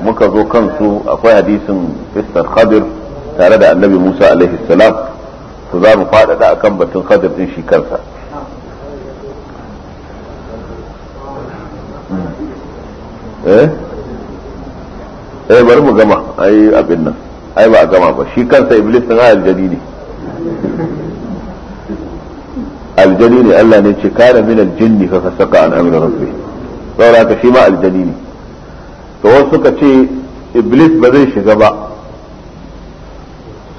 muka zo kansu akwai hadisin fistar khadir tare da annabi Musa alaihi salam to za mu faɗaɗa akan batun khadir din shi kansa eh eh bari mu gama ai abin nan ai ba a gama ba shi kansa iblis din aljani ne aljani ne Allah ne ce kana min aljinni fa fasaka an amri rabbi saboda ka shi ma aljani ne to wasu suka ce iblis ba zai shiga ba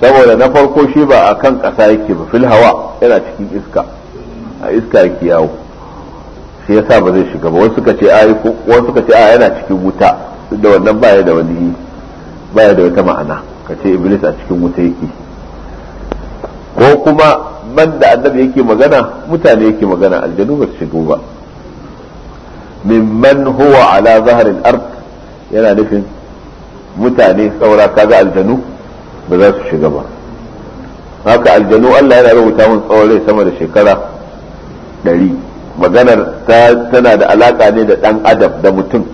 saboda na farko shi ba a kan ƙasa yake ba fil hawa yana cikin iska a iska yake yawo shi yasa ba zai shiga ba wasu suka ce ai wasu suka ce ai yana cikin wuta da wannan baya da wani baya da wata ma'ana ka ce iblis a cikin wuta yake ko kuma da annabi yake magana mutane yake magana aljanu ba su shigo ba mimman huwa ala zaharil ard yana nufin mutane saura kaga aljanu ba za su shiga ba haka aljanu Allah yana rubuta mun tsawon rai sama da shekara ɗari maganar tana da alaka ne da ɗan adam da mutum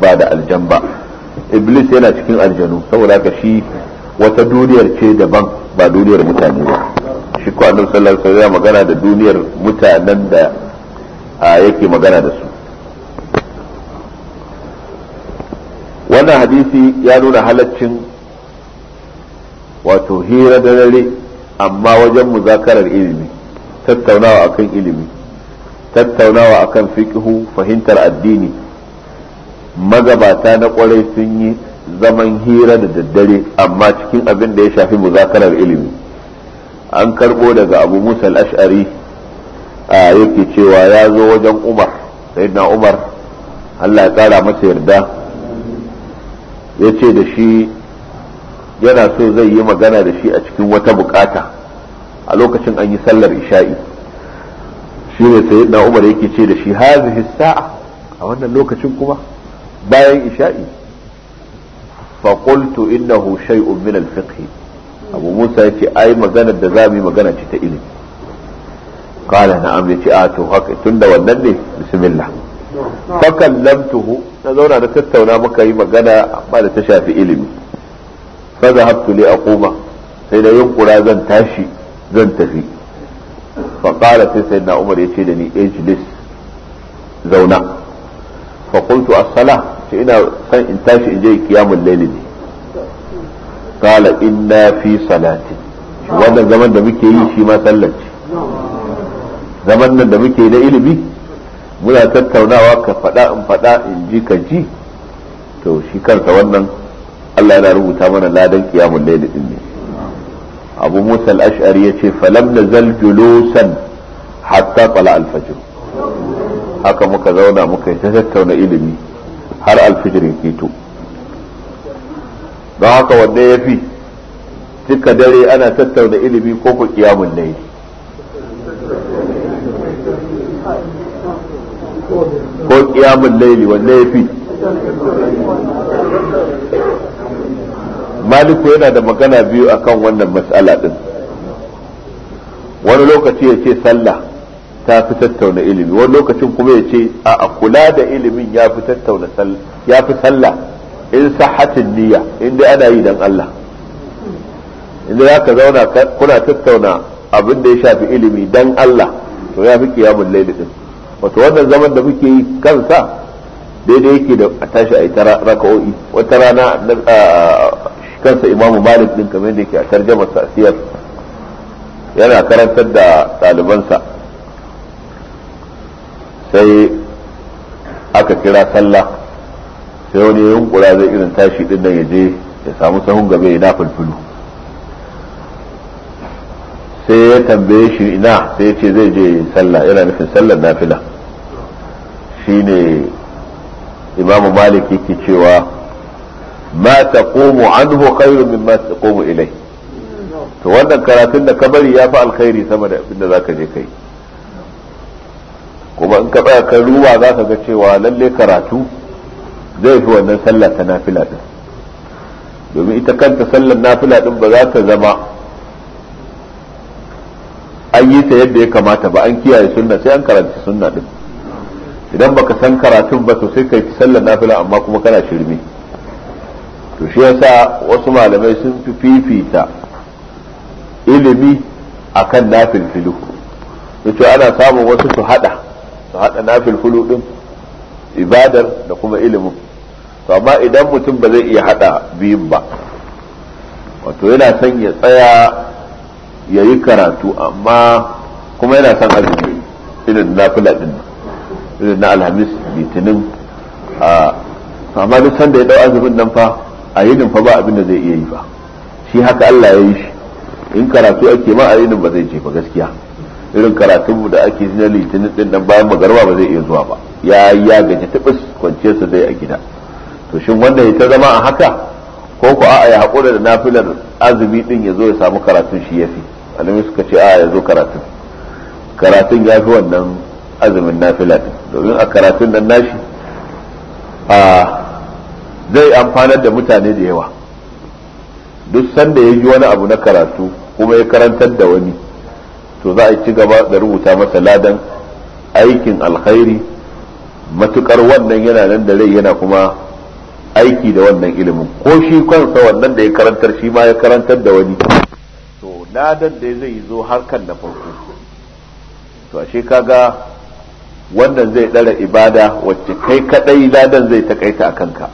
ba da aljan ba iblis yana cikin aljanu saboda haka shi wata duniyar ce daban ba duniyar mutane ba shi ko annabi sallallahu alaihi wasallam magana da duniyar mutanen da yake magana da su wannan hadisi ya nuna halaccin wato hira da dare amma wajen muzakarar ilimi tattaunawa akan ilimi tattaunawa a kan fiqhu fahimtar addini magabata na kwarai sun yi zaman hira da daddare amma cikin abin da ya shafi muzakarar ilimi an karbo daga abu musa al-ash'ari a yake cewa ya zo wajen umar sayyidina umar allah ya tsara masa yarda ya ce da shi yana so zai yi magana da shi a cikin wata bukata a lokacin an yi sallar isha'i shi ne sai Na'umar umar yake ce da shi hazihi sa'a a wannan lokacin kuma bayan isha'i fa qultu innahu shay'un min al-fiqh abu musa yace ai magana da mu yi magana ce ta ilimi qala na'am yace a ah, to haka tunda wannan ne bismillah fa kallamtuhu na zauna da tattauna muka yi magana amma da ta shafi ilimi fa zahabtu li aquma sai da yunkura zan tashi zan tafi فقال في سيدنا عمر يشيدني اجلس zauna. فقلت الصلاة ina san in tashi in je kiyamun laili ne kala inna fi salati wannan zaman da muke yi shi ma sallar zaman nan da muke na ilimi muna tattaunawa ka faɗa in faɗa in ji ka ji to shi kansa wannan Allah yana rubuta mana ladan kiyamun laili din ne abu musa al-ash'ari yace falam nazal julusan hatta tala al-fajr haka muka zauna muka ta tattauna ilimi har al-fajr ya keto don haka wanda ya fi cika dare ana tattauna ilimi ko ku kiyamun layi ko kiyamun laili wanda ya fi maliku yana da magana biyu a kan wannan matsala din wani lokaci ya ce sallah ta fi tattauna ilimi wani lokacin kuma ya ce a kula da ilimin ya fi sallah in sahatin niyya in dai ana yi dan Allah inda za ka zauna kuna tattauna abin da ya shafi ilimi dan Allah to ya fi kiyamun laili din wato wannan zaman da muke yi kansa daidai yake da a tashi a ita raka'o'i wata rana kansa imamu malik din kamar da yake a tarjama sasiyar yana karantar da ɗalibansa sai aka kira sallah sai wani yunkura zai irin tashi din nan ya je ya samu sahun gabe ina fulfulu sai ya tambaye shi ina sai ya ce zai je sallah yana nufin sallar nafila shine imamu malik yake cewa ma taqumu anhu khairu mimma taqumu ilai to wannan karatun da ka bari ya fi alkhairi sama da abin da zaka je kai kuma in ka tsaya kan ruwa za ka ga cewa lalle karatu zai fi wannan sallah ta nafila din domin ita kanta sallar nafila din ba za ta zama an yi ta yadda ya kamata ba an kiyaye sunna sai an karanta sunna din idan baka san karatun ba to sai kai sallar nafila amma kuma kana shirme to shi yasa wasu malamai sun fi fifita ilimi akan nafilfilu yace ana samun wasu su hada su hada nafilfilu din ibadar da kuma ilimin to amma idan mutum ba zai iya hada biyun ba wato yana son ya tsaya ya yi karatu amma kuma yana son azumi irin na din irin na alhamis litinin a amma duk sanda ya dau azumin nan fa a yinin fa ba abin zai iya yi ba shi haka Allah ya yi shi in karatu ake ma a yinin ba zai je ba gaskiya irin karatun da ake na litinin din nan bayan magarba ba zai iya zuwa ba ya ya gaji tubus kwanciyar sa zai a gida to shin wanda ya ta zama a haka ko ko a ya hakura da nafilar azumi din ya zo ya samu karatun shi yafi alimi suka ce a ya zo karatun karatun ya fi wannan azumin nafila din domin a karatun nan nashi a zai amfanar da mutane da yawa duk sanda ya ji wani abu na karatu kuma ya karantar da wani to za a ci gaba da rubuta masa ladan aikin alkhairi matukar wannan yana nan da rai yana kuma aiki da wannan ilimin ko shi kansa wannan da ya karantar shi ma ya karantar da wani to ladan da zai zo harkan da farko to ashe kaga wannan zai ɗara ibada wacce kai kadai ladan zai takaita a kanka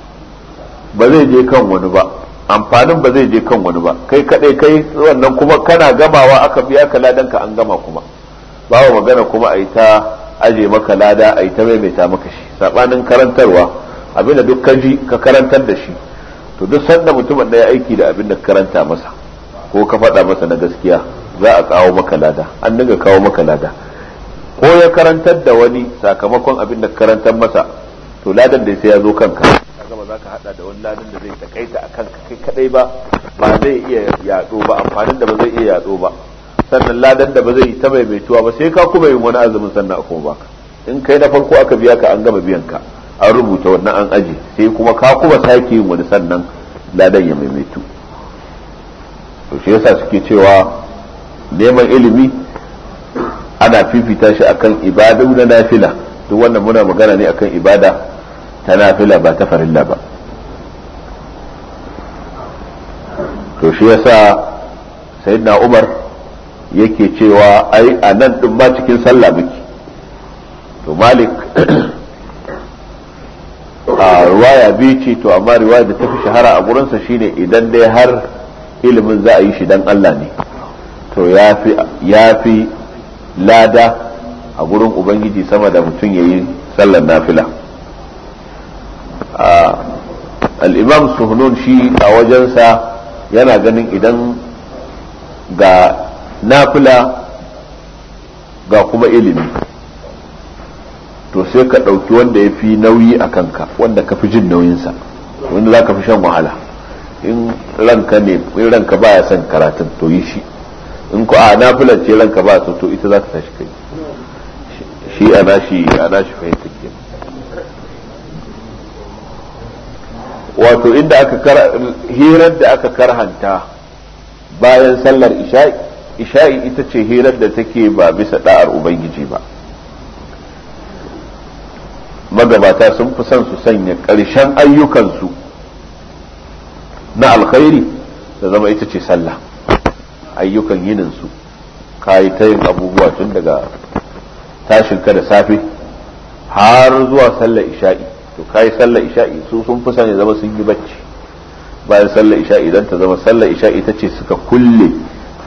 ba zai je kan wani ba amfanin ba zai je kan wani ba kai kadai kai wannan kuma kana gamawa aka biya ka ladan ka an gama kuma babu magana kuma a yi ta aje maka lada a yi ta maimaita maka shi sabanin karantarwa abinda duk ka ji ka karantar da shi to duk sanda mutumin da ya aiki da abin da karanta masa ko ka faɗa masa na gaskiya za a kawo maka lada an dinga kawo maka lada ko ya karantar da wani sakamakon abin da karantar masa to ladan da sai ya zo kanka ka hada da wani ladan da zai takaita a kanka kai kadai ba ba zai iya yado ba amfanin da ba zai iya yado ba sannan ladan da ba zai ta maimaituwa ba sai ka kuma yin wani azumin sannan kuma baka in kai na farko aka biya ka an gama biyan ka an rubuta wannan an aje sai kuma ka kuma sake yin wani sannan ladan ya maimaitu to shi yasa suke cewa neman ilimi ana fifita shi akan ibadu na nafila duk wannan muna magana ne akan ibada ta nafila ba ta farilla ba to shi yasa sayyidina umar yake cewa ai a nan din ba cikin sallah muke to malik a ruwaya biyu ce to amma riwaya da ta fi shahara a gurinsa shine idan dai har ilimin za a yi shi dan Allah ne to ya fi lada a gurin ubangiji sama da mutum ya yi sallar nafila al'imam suhunun shi a wajensa yana ganin idan ga nafila ga kuma ilimi to sai ka ɗauki wanda ya fi nauyi a kanka wanda ka fi jin nauyinsa wanda za ka fi shan wahala in ranka ne in ranka baya son karatun to yi shi in ko a nafilar ce ranka ba to ita za ka tashi kai shi a nashi a nashi fahimta kenan wato inda aka hirar da aka karhanta bayan sallar isha'i isha'i ita ce hirar da take ba bisa da'ar ubangiji ba magabata sun fi son su sanya ƙarshen ayyukansu na alkhairi da zama ita ce sallah ayyukan yininsu kayi ta yin abubuwa tun daga ka da safe har zuwa sallar isha'i to kai sallar isha'i su sun fi sani zama sun yi bacci bayan sallar isha'i dan ta zama sallar isha'i ta ce suka kulle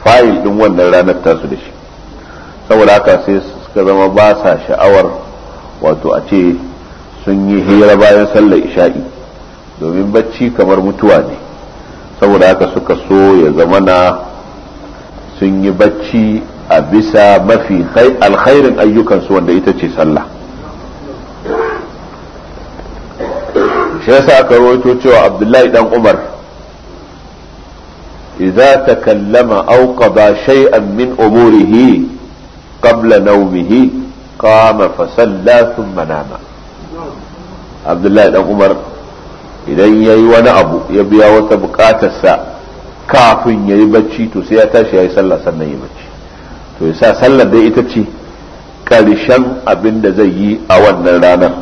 fayil din wannan ranar tasu da shi saboda haka sai suka zama ba sa sha'awar wato a ce sun yi hira bayan sallar isha'i domin bacci kamar mutuwa ne saboda haka suka so ya zama na sun yi bacci a bisa mafi alkhairin ayyukansu wanda ita ce sallah shi yasa aka rawaito cewa abdullahi dan umar idza takallama aw qada shay'an min umurihi qabla nawmihi qama fa salla thumma nama abdullahi dan umar idan yayi wani abu ya biya wata bukatarsa kafin yayi bacci to sai ya tashi yayi sallah sannan yayi bacci to yasa sallar dai ita ce karshen abin da zai yi a wannan ranar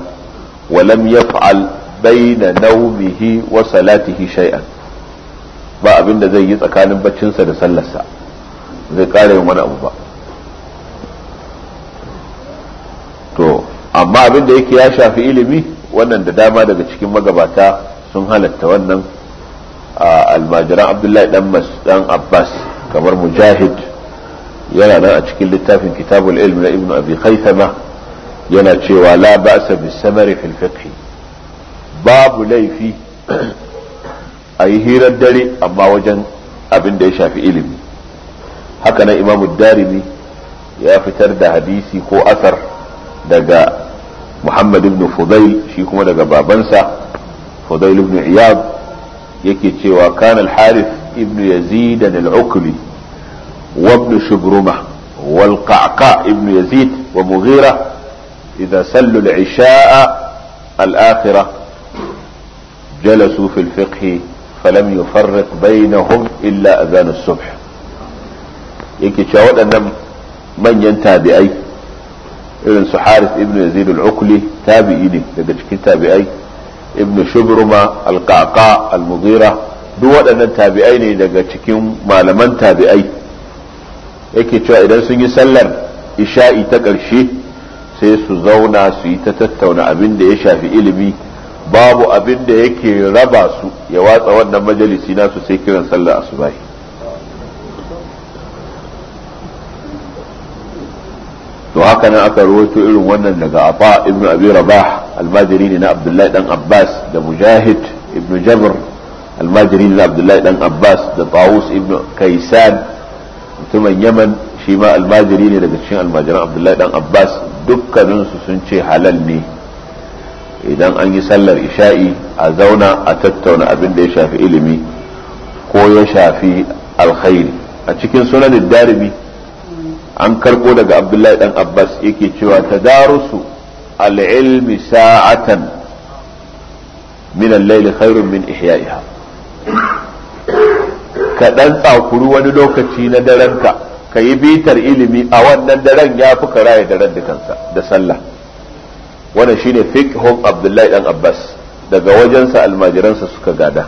walam fa'al. baina naumihi wa salatihi shay'an ba abin zai yi tsakanin baccinsa da sallarsa zai kare yin wani abu ba to amma abin da yake ya shafi ilimi wannan da dama daga cikin magabata sun halatta wannan almajiran abdullahi dan abbas kamar mujahid yana nan a cikin littafin kitabul ilm na ibnu abi khaythama yana cewa la ba'sa babu laifi a yi hirar dare amma wajen abin da ya shafi ilimi haka nan imamu darimi ya fitar da hadisi ko asar daga muhammad ibn fudail shi kuma daga babansa fudail ibn iyad yake cewa kana al-harith ibn yazid al-ukli wa ibn shubruma wal qaqa ibn yazid wa mughira idha sallu al isha al-akhirah جلسوا في الفقه فلم يفرق بينهم إلا أذان الصبح yake cewa waɗannan manyan tabi'ai irin su Harith ibn Yazid al-Ukli tabi'i ne daga cikin tabi'ai ibn Shubruma al-Qaqa al-Mughira duk waɗannan tabi'ai ne daga cikin malaman tabi'ai yake cewa idan sun yi sallar isha'i ta ƙarshe sai su zauna su yi ta tattauna abin da ya shafi ilimi babu abin da yake raba su ya watsa wannan majalisi nasu sai kiran sallar asubahi to haka nan aka rawaito irin wannan daga afa ibn abi rabah almajiri ne na abdullahi dan abbas da mujahid ibn jabr almajiri ne na abdullahi dan abbas da tawus ibn kaisan mutumin yaman shi ma almajiri ne daga cikin almajiran abdullahi dan abbas dukkaninsu sun ce halal ne idan an yi sallar isha'i a zauna a tattauna abin da ya shafi ilimi ko ya shafi alkhairi a cikin sunanin daribi an karbo daga abdullahi dan abbas yake cewa ta tadarusu al'ilmi sa'atan min al laili khairun min ihya'iha ka dan tsakuru wani lokaci na daren ka yi bitar ilimi a wannan daren yafi fi ka raya daren da kansa da sallah wannan shine fiqhun abdullahi dan abbas daga wajensa almajiransa suka gada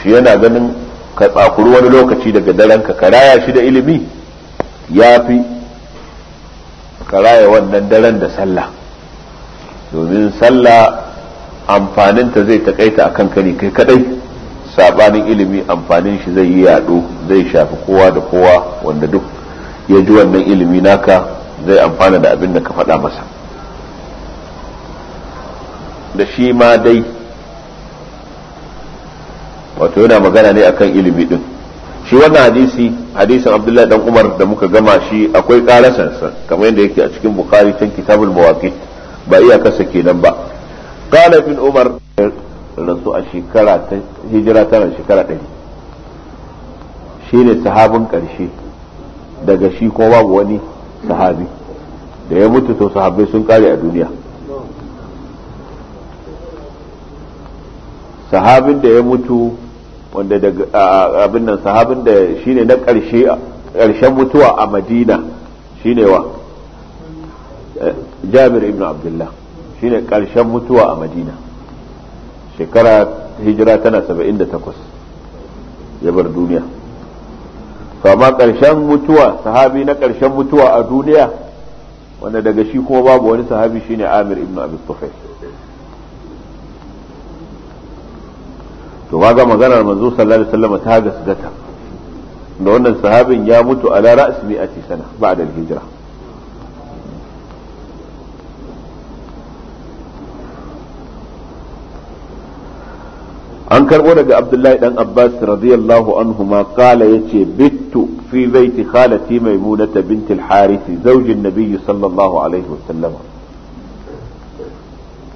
shi yana ganin ka tsakuri wani lokaci daga daren ka karaya shi da ilimi ya fi karaya wannan daren da sallah domin sallah amfaninta zai takaita akan kani kai kadai sabanin ilimi amfanin shi zai yi yaɗo zai shafi kowa da kowa wanda duk ya ji wannan ilimi naka zai amfana da abin da ka faɗa masa da shi ma dai wato yana magana ne akan ilimi din shi wannan hadisi hadisin abdullahi dan umar da muka gama shi akwai karasansa kamar yadda yake a cikin bukhari can kitabul mawaqit ba iya kasa kenan ba qala ibn umar rasu a shekara ta hijira tana shekara ɗari shi ne sahabin ƙarshe daga shi ko babu wani sahabi da ya mutu to sahabbai sun kare a duniya sahabin da ya mutu wanda daga abin nan sahabin da shine na ƙarshe ƙarshen mutuwa a madina shine wa jabir ibn abdullah shine ƙarshen mutuwa a madina shekara hijira tana 78 ya bar duniya to amma ƙarshen mutuwa sahabi na ƙarshen mutuwa a duniya wanda daga shi kuma babu wani sahabi shine amir ibn abi to kaga maganar manzo sallallahu alaihi wasallam ta gasgata da wannan sahabin ya mutu ala ra'si mi'ati sana ba'da al-hijra an karbo daga abdullahi dan abbas radiyallahu anhu ma qala yace bittu fi baiti khalati maimunata bint al-harith zawj an-nabi sallallahu alaihi wasallam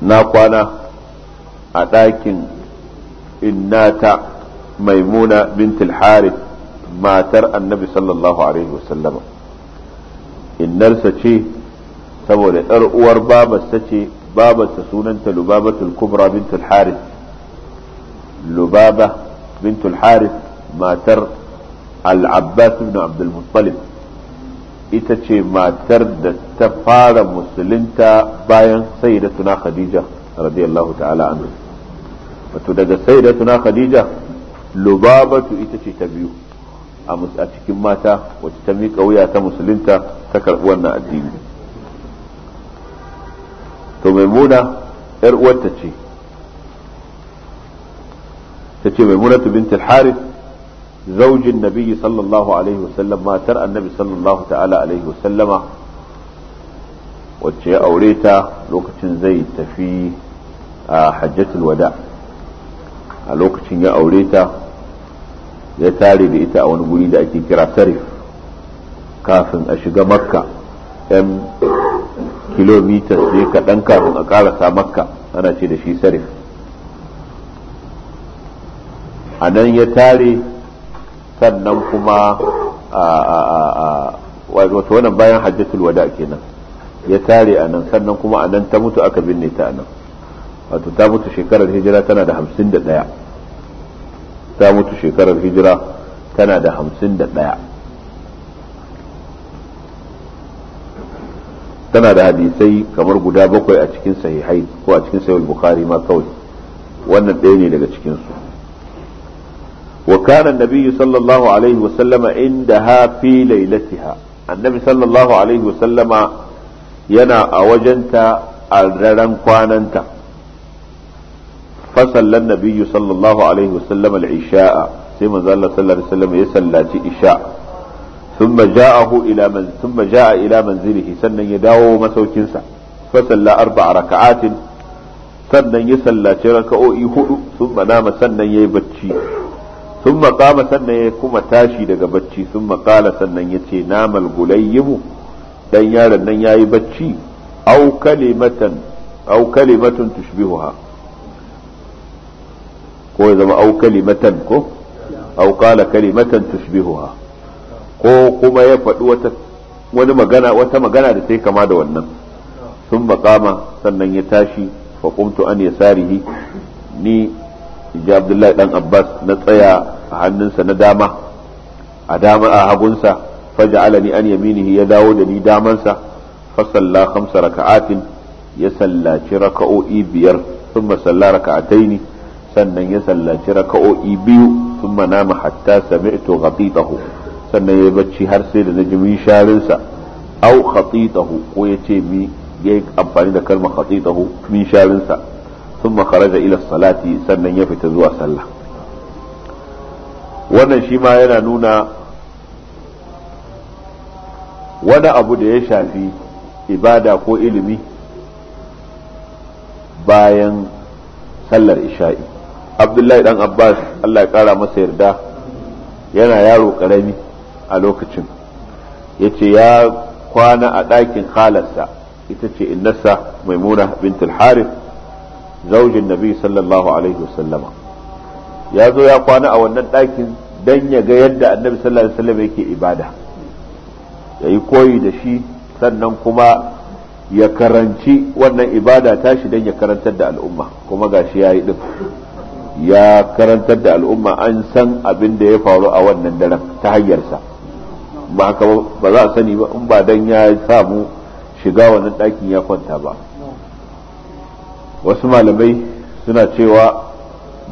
na kwana a ɗakin innata maimuna bint al-harith matar annabi sallallahu alaihi wasallama innarsa ce saboda yar uwar babarsa ce babarsa sunanta lubabatul kubra bint al-harith lubaba bint al-harith matar al-abbas ibn abd al-muttalib ita ce matar da ta fara musulunta bayan sayyidatuna khadija radiyallahu ta'ala anha wato daga suna khadija lubabatu ita ce ta biyu a cikin mata wacce ta miƙa wuya ta musulunta ta karɓi wannan addini to maimuna yar uwarta ce ta ce maimuna bint al-harith zaujin nabiyyi sallallahu alaihi wasallam matar annabi sallallahu ta'ala alaihi wasallama wacce ya aure ta lokacin zai tafi a hajjatul wada' a lokacin ya aure ta ya tare da ita a wani guri da ake kira sarif kafin a shiga makka 'yan kilomitar ne kaɗan kafin a ƙarasa makka ana ce da shi sarif a nan ya tare sannan kuma wato wannan bayan hajjatul wada kenan ya tare a nan sannan kuma a nan ta mutu aka binne ta a nan wato ta mutu shekarar hijira tana da hamsin da ɗaya ta mutu shekarar hijira tana da hamsin da ɗaya tana da hadisai kamar guda bakwai a cikin sahihai ko a cikin sahihul bukhari ma kawai wannan ɗaya ne daga cikinsu wa kana nabiyyu sallallahu alaihi wa sallama indaha fi lailatiha annabi sallallahu alaihi wa sallama yana a wajenta a daren kwananta fasallan nabiyyu sallallahu alaihi wasallam al-isha'a sai manzo Allah sallallahu alaihi wasallam ya sallaci isha ثم جاءه إلى من ثم جاء إلى منزله سنن يداو مسوكنسا فصلى أربع ركعات sannan ya sallaci raka'o'i hudu sun nama sannan ya yi bacci sun makama sannan ya kuma tashi daga bacci sun makala sannan ya ce namal gulayyimu dan yaron nan ya yi bacci au ko ya zama au kalimatan ko au qala kalimatan tushbihuha ko kuma ya faɗi wata wani magana wata magana da sai kama da wannan sun makama sannan ya tashi fa an ya yasarihi ni ji Abdullahi dan Abbas na tsaya a hannunsa na dama a dama a hagunsa faj'alani an yaminihi ya dawo da ni damansa fa khamsa raka'atin ya sallaci raka'o'i biyar masalla raka'atai ne sannan ya sallaci raka'o'i biyu sun manama hatta sami'tu ghatitahu sannan ya bacci har sai da naji minsharinsa au khatitahu ko ya ce mi ya amfani da kalmar khatitahu minsharinsa sun kharaja ila salati sannan ya fita zuwa sallah wannan shi ma yana nuna wani abu da ya shafi ibada ko ilimi bayan sallar isha'i abdullahi dan abbas allah ya kara masa yarda yana yaro karami a lokacin ya ce ya kwana a ɗakin halarsa ita ce innasa maimuna bintul harif zaujin nabi sallallahu alaihi wasallama ya zo ya kwana a wannan ɗakin dan ya ga yadda annabi sallallahu alaihi wasallama yake ibada ya yi koyi da shi sannan kuma ya karanci wannan ibada tashi don ya karantar da al'umma kuma gashi ya yi ɗin ya karantar da al'umma an san abin da ya faru a wannan daren ta hanyarsa ba haka ba za a sani ba in ba dan ya samu shiga wannan ɗakin ya kwanta ba wasu malamai suna cewa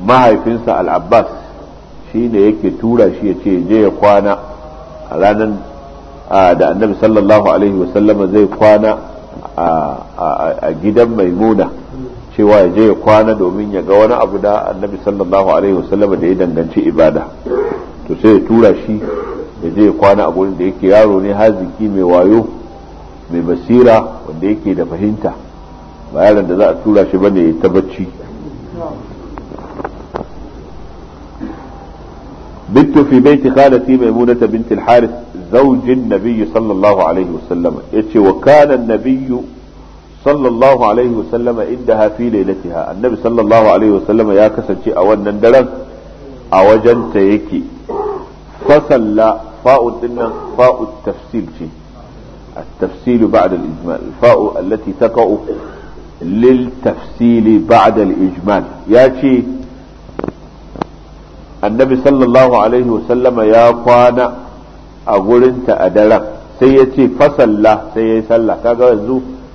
mahaifinsa al'abbas shi ne yake tura shi ya ce je ya kwana a ranar da annabi sallallahu alaihi wasallama zai kwana a gidan maimuna cewa ya je ya kwana domin ya ga wani abu da annabi sallallahu alaihi wasallam da ya danganci ibada to sai ya tura shi ya je ya kwana a gurin da yake yaro ne haziki mai wayo mai basira wanda yake da fahimta ba yaron da za a tura shi bane ya ta bacci بنت في بيت خالتي ميمونة بنت الحارث زوج النبي صلى الله عليه وسلم يتي وكان النبي sallallahu alaihi wasallama indaha fi lailatiha annabi sallallahu alaihi wasallama ya kasance a wannan daren a ta yake fasalla fa'u dinnan fa'u tafsil ce التفصيل بعد الإجمال الفاء التي تقع للتفصيل بعد الإجمال ياتي النبي صلى الله عليه وسلم يا قانا أقول أنت أدرك سيتي فصلى سيسلى كذا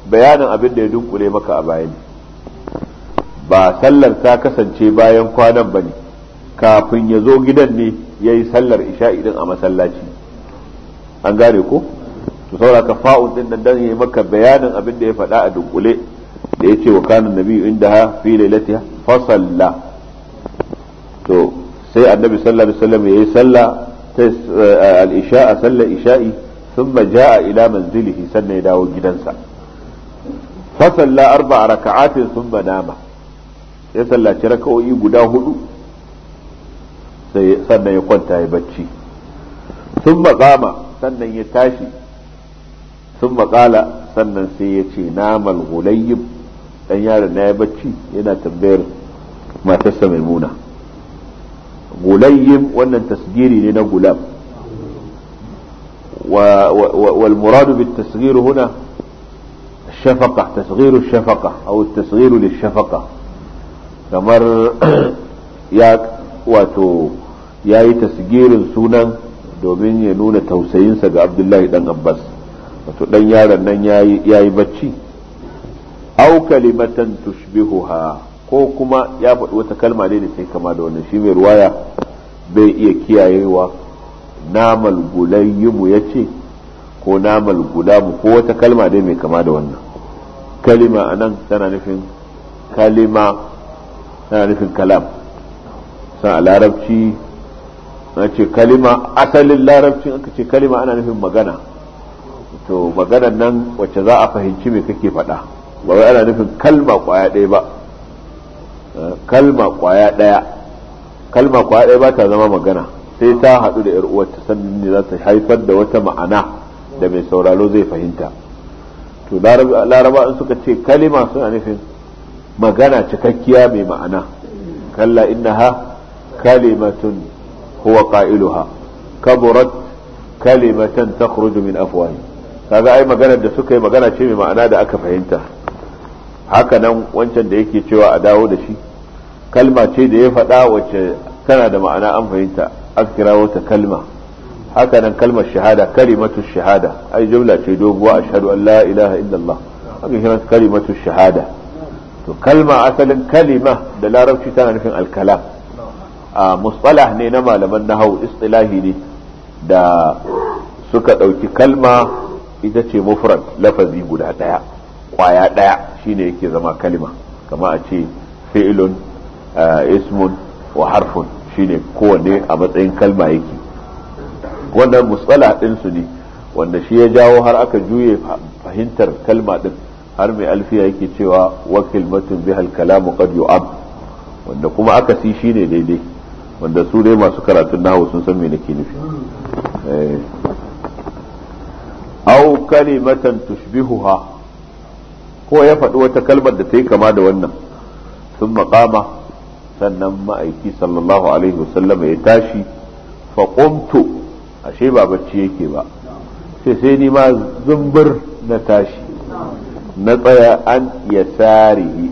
bayanin abin da ya dunkule maka a baya ba sallar ta kasance bayan kwanan ba ne kafin ya zo gidan ne ya yi sallar isha'i din a masallaci an gane ko to saura ka fa'un din nan dan yi maka bayanin abin da ya faɗa a dunkule da ya ce wa kanin nabi inda ha fi lailatiha fa to sai annabi sallallahu alaihi wasallam yayi salla eh, al-isha'a sallar isha'i sun thumma jaa ila manzilihi sannan ya dawo gidansa فصلى أربع ركعات ثم نام يصلى شركة ويقودا هدو سنة يقول تايبتشي ثم قام سنة يتاشي ثم قال سنة سيتشي نام الغليب أن يرى نايبتشي ينا تبير ما تسمى المونة غليم وأن تسجيري لنا غلام والمراد بالتسجير هنا shafaqa tasghiru shafaqa aw tasghiru lishafaqa kamar ya wato yayi tasgirin sunan domin ya nuna tausayinsa ga Abdullahi dan Abbas wato dan yaron nan yayi yayi bacci aukali kalimatan tushbihuha ko kuma ya faɗi wata kalma ne da sai kama da wannan shi mai ruwaya bai iya kiyayewa namal gulayyimu ya ce ko namal gulamu ko wata kalma dai mai kama da wannan kalima a nan tana nufin kalima tana nufin kalam san a larabci na ce kalima asalin larabcin aka ce kalima ana nufin magana to maganar nan wacce za a fahimci me kake faɗa ba wai ana nufin kalma kwaya ɗaya ba kalma kwaya ɗaya kalma kwaya ɗaya ba ta zama magana sai ta haɗu da 'yar uwarta sannan ne za ta haifar da wata ma'ana da mai sauraro zai fahimta to laraba in suka ce kalima suna nufin magana cikakkiya mai ma'ana kalla innaha kalimatun huwa qailuha kaburat kalimatan takhruju min afwahi kaga ai maganar da suka yi magana ce mai ma'ana da aka fahimta haka nan wancan da yake cewa a dawo da shi kalma ce da ya faɗa wacce tana da ma'ana an fahimta an kirawo ta kalma haka nan kalmar shahada kalimatu shahada ai jumla ce doguwa ashhadu an la ilaha illallah haka shi kalimatu shahada to kalma asalin kalima da larabci tana nufin alkala a mustalah ne na malaman nahawu istilahi ne da suka ɗauki kalma ita ce mufrad lafazi guda ɗaya kwaya ɗaya shine yake zama kalima kama a ce fi'ilun eh, ismun wa harfun shine kowanne a matsayin kalma yake wannan musala din su ne wanda shi ya jawo har aka juye fahimtar kalma din har mai alfiya yake cewa wakil kalmatun bihal kalamu qad yu'ab wanda kuma aka si ne daidai wanda su dai masu karatun nahu sun san me nake nufi eh. aw kalimatan tushbihuha ko ya faɗi wata kalmar da ta yi kama da wannan sun maƙama sannan ma'aiki sallallahu alaihi wasallam ya tashi faƙumto. ashe ba bacci yake ba sai sai ni ma zumbur na tashi na tsaya an ya sarihi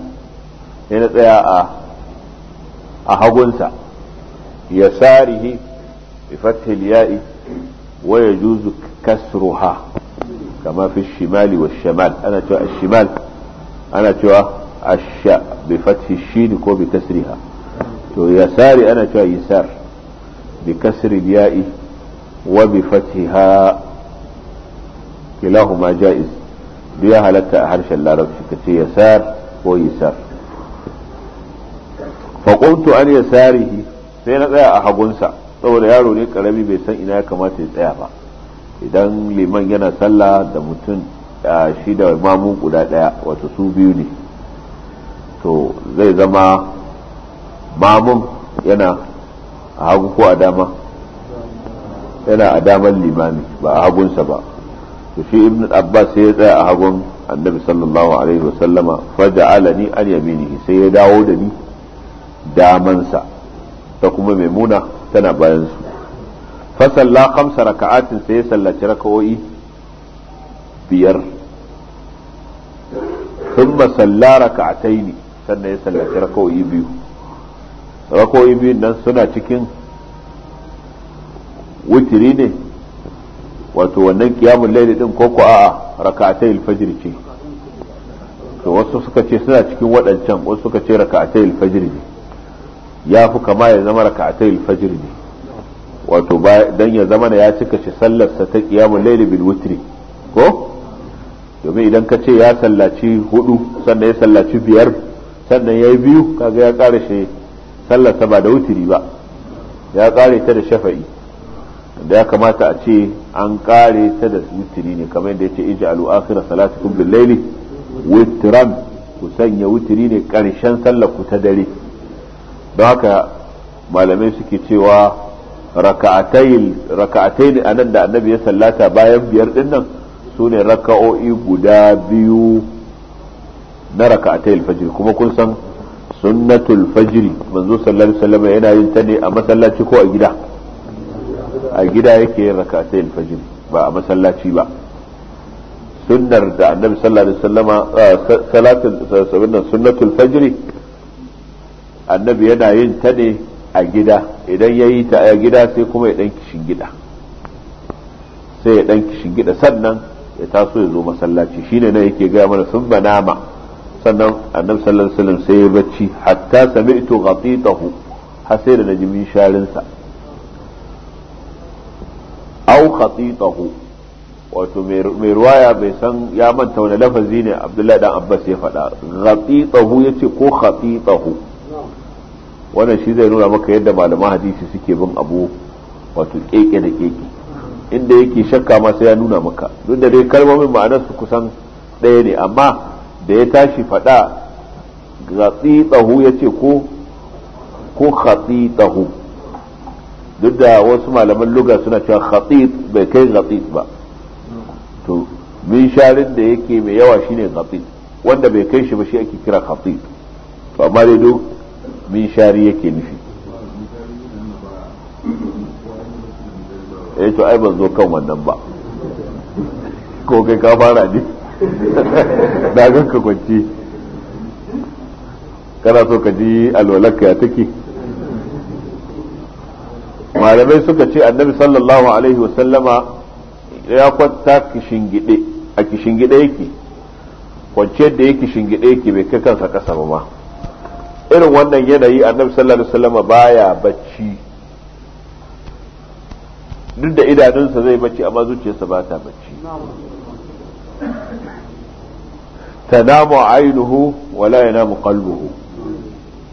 sai na tsaya a a hagunsa ya sarihi بفتح الياء ويجوز كسرها كما في الشمال والشمال أنا توا الشمال أنا توا الشاء بفتح الشين كو بكسرها تو يساري أنا توا يسار بكسر الياء وبفتحها كلاهما جائز بيا هلتا أحرش اللارب شكتي يسار ويسار فقلت عن يساره سينا لا أحبنسا saboda yaro ne karami bai san ina ya kamata ya tsaya ba idan liman yana sallah da mutum shi da mamun guda daya wato su biyu ne to zai zama mamun yana a hagu ko a dama yana a daman limami ba a hagunsa ba to shi ibn abbas sai ya tsaya a hagun annabi sallallahu alaihi wa sallama faja'alani an yaminihi sai ya dawo da ni damansa ta kuma maimuna tana bayan su fa salla khamsa raka'atin sai ya sallaci raka'o'i biyar thumma salla raka'ataini sannan ya sallaci raka'o'i biyu raka'o'i biyun nan suna cikin wutiri ne wato wannan kiyamun laili din ko ko raka a alfajr ce to wasu suka ce suna cikin waɗancan wasu suka ce raka'atai alfajr ne ya fi kama ya zama raka'atai alfajr ne wato dan ya zama ya cika shi sallarsa ta kiyamun laili bil ko domin idan ka ce ya sallaci hudu sannan ya sallaci biyar sannan ya yi biyu kaga ya kare shi sallarsa ba da wutiri ba ya ƙare ta da shafa'i da ya kamata a ce an kare ta da witiri ne kamar yadda yace ij'alu akhira salatikum bil layli witiran ku sanya witiri ne karshen sallar ku ta dare don haka malamai suke cewa raka'atai a nan da annabi ya sallata bayan biyar din nan su ne raka'o'i guda biyu na raka'atai fajiri kuma kun san sunnatul fajiri manzo sallallahu alaihi wasallam yana yin ta ne a masallaci ko a gida a gida yake yin rakatai alfajir ba a masallaci ba sunnar da annabi sallallahu alaihi wasallama annabi yana yin ta ne a gida idan ya yi ta a gida sai kuma ya dan kishin gida sai ya dan kishin gida sannan ya taso ya zo masallaci shine ne yake gaya mana sun banama sannan annabi sallallahu alaihi wasallam sai ya bacci hatta sami'tu ghatitahu har sai da najimin sharinsa khatitahu wato mai ruwaya bai san ya manta wani lafazi ne abdullahi dan abbas ya faɗa khatitahu ce ko khatitahu wannan shi zai nuna maka yadda malaman hadisi suke bin abu wato keke da keke inda yake shakka ma sai ya nuna maka duk da dai kalmomin ma'anar su kusan ɗaya ne amma da ya tashi faɗa gatsi tsahu ya ce ko ko khatitahu duk da wasu malaman luga suna cewa khatib bai kai khatib ba to minsharin da yake mai yawa shine khatib wanda bai kai shi ba shi ake kira khatib to amma dai duk shari yake nufi eh to ai ban zo kan wannan ba ko kai ka fara ne da ganka kwanci kana so ka ji alwalarka ya take malamai suka ce annabi sallallahu alaihi wasallama ya kwanta kishingide a kishingide yake kwanciyar da yake shingide yake bai kai kansa kasa ba ma irin wannan yanayi annabi sallallahu alaihi wasallama baya bacci duk da idanunsa zai bacci amma zuciyarsa ba ta bacci tanamu ainihu wala yanamu qalbuhu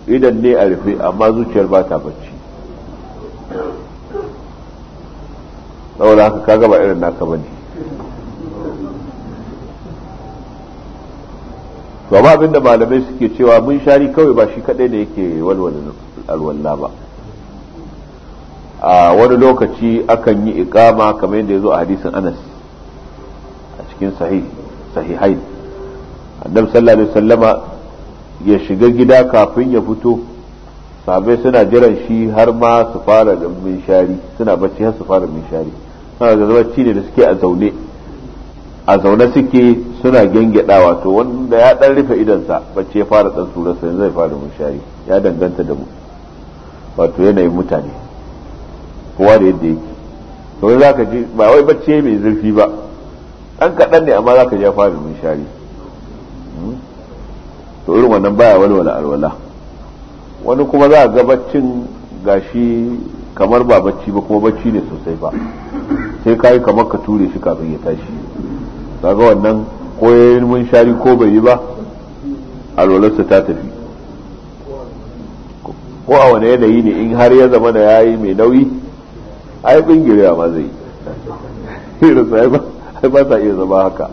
idan ne a rufe amma zuciyar ba ta bacci saboda haka ka gaba irin naka bane to ba abinda malamai suke cewa mun shari kawai ba shi kadai da yake walwala alwala ba a wani lokaci akan yi ikama kamar yadda yazo zo a hadisin anas a cikin sahih sahihain annabi sallallahu alaihi wasallama ya shiga gida kafin ya fito sabe suna jiran shi har ma su fara da shari suna bacci har su fara shari suna da bacci ne da suke a zaune a zaune suke suna gengeda to wanda ya dan rufe sa bacci ya fara dan surarsa yanzu zai fara shari ya danganta da mu wato yanayin mutane kowa da yadda yake to za ka ji ba wai bacci mai zurfi ba dan kaɗan ne amma za ji ya fara shari hmm? to irin wannan baya walwala alwala wani kuma za a ga baccin gashi kamar ba bacci ba kuma bacci ne sosai ba sai kayi kamar ka ture shi kafin ya tashi kaga wannan ko yayin mun shari ko bai yi ba alwalarsa ta tafi ko a wani yanayi ne in har ya zama da yayi mai nauyi ai bingirewa ma zai yi ba sa iya zama haka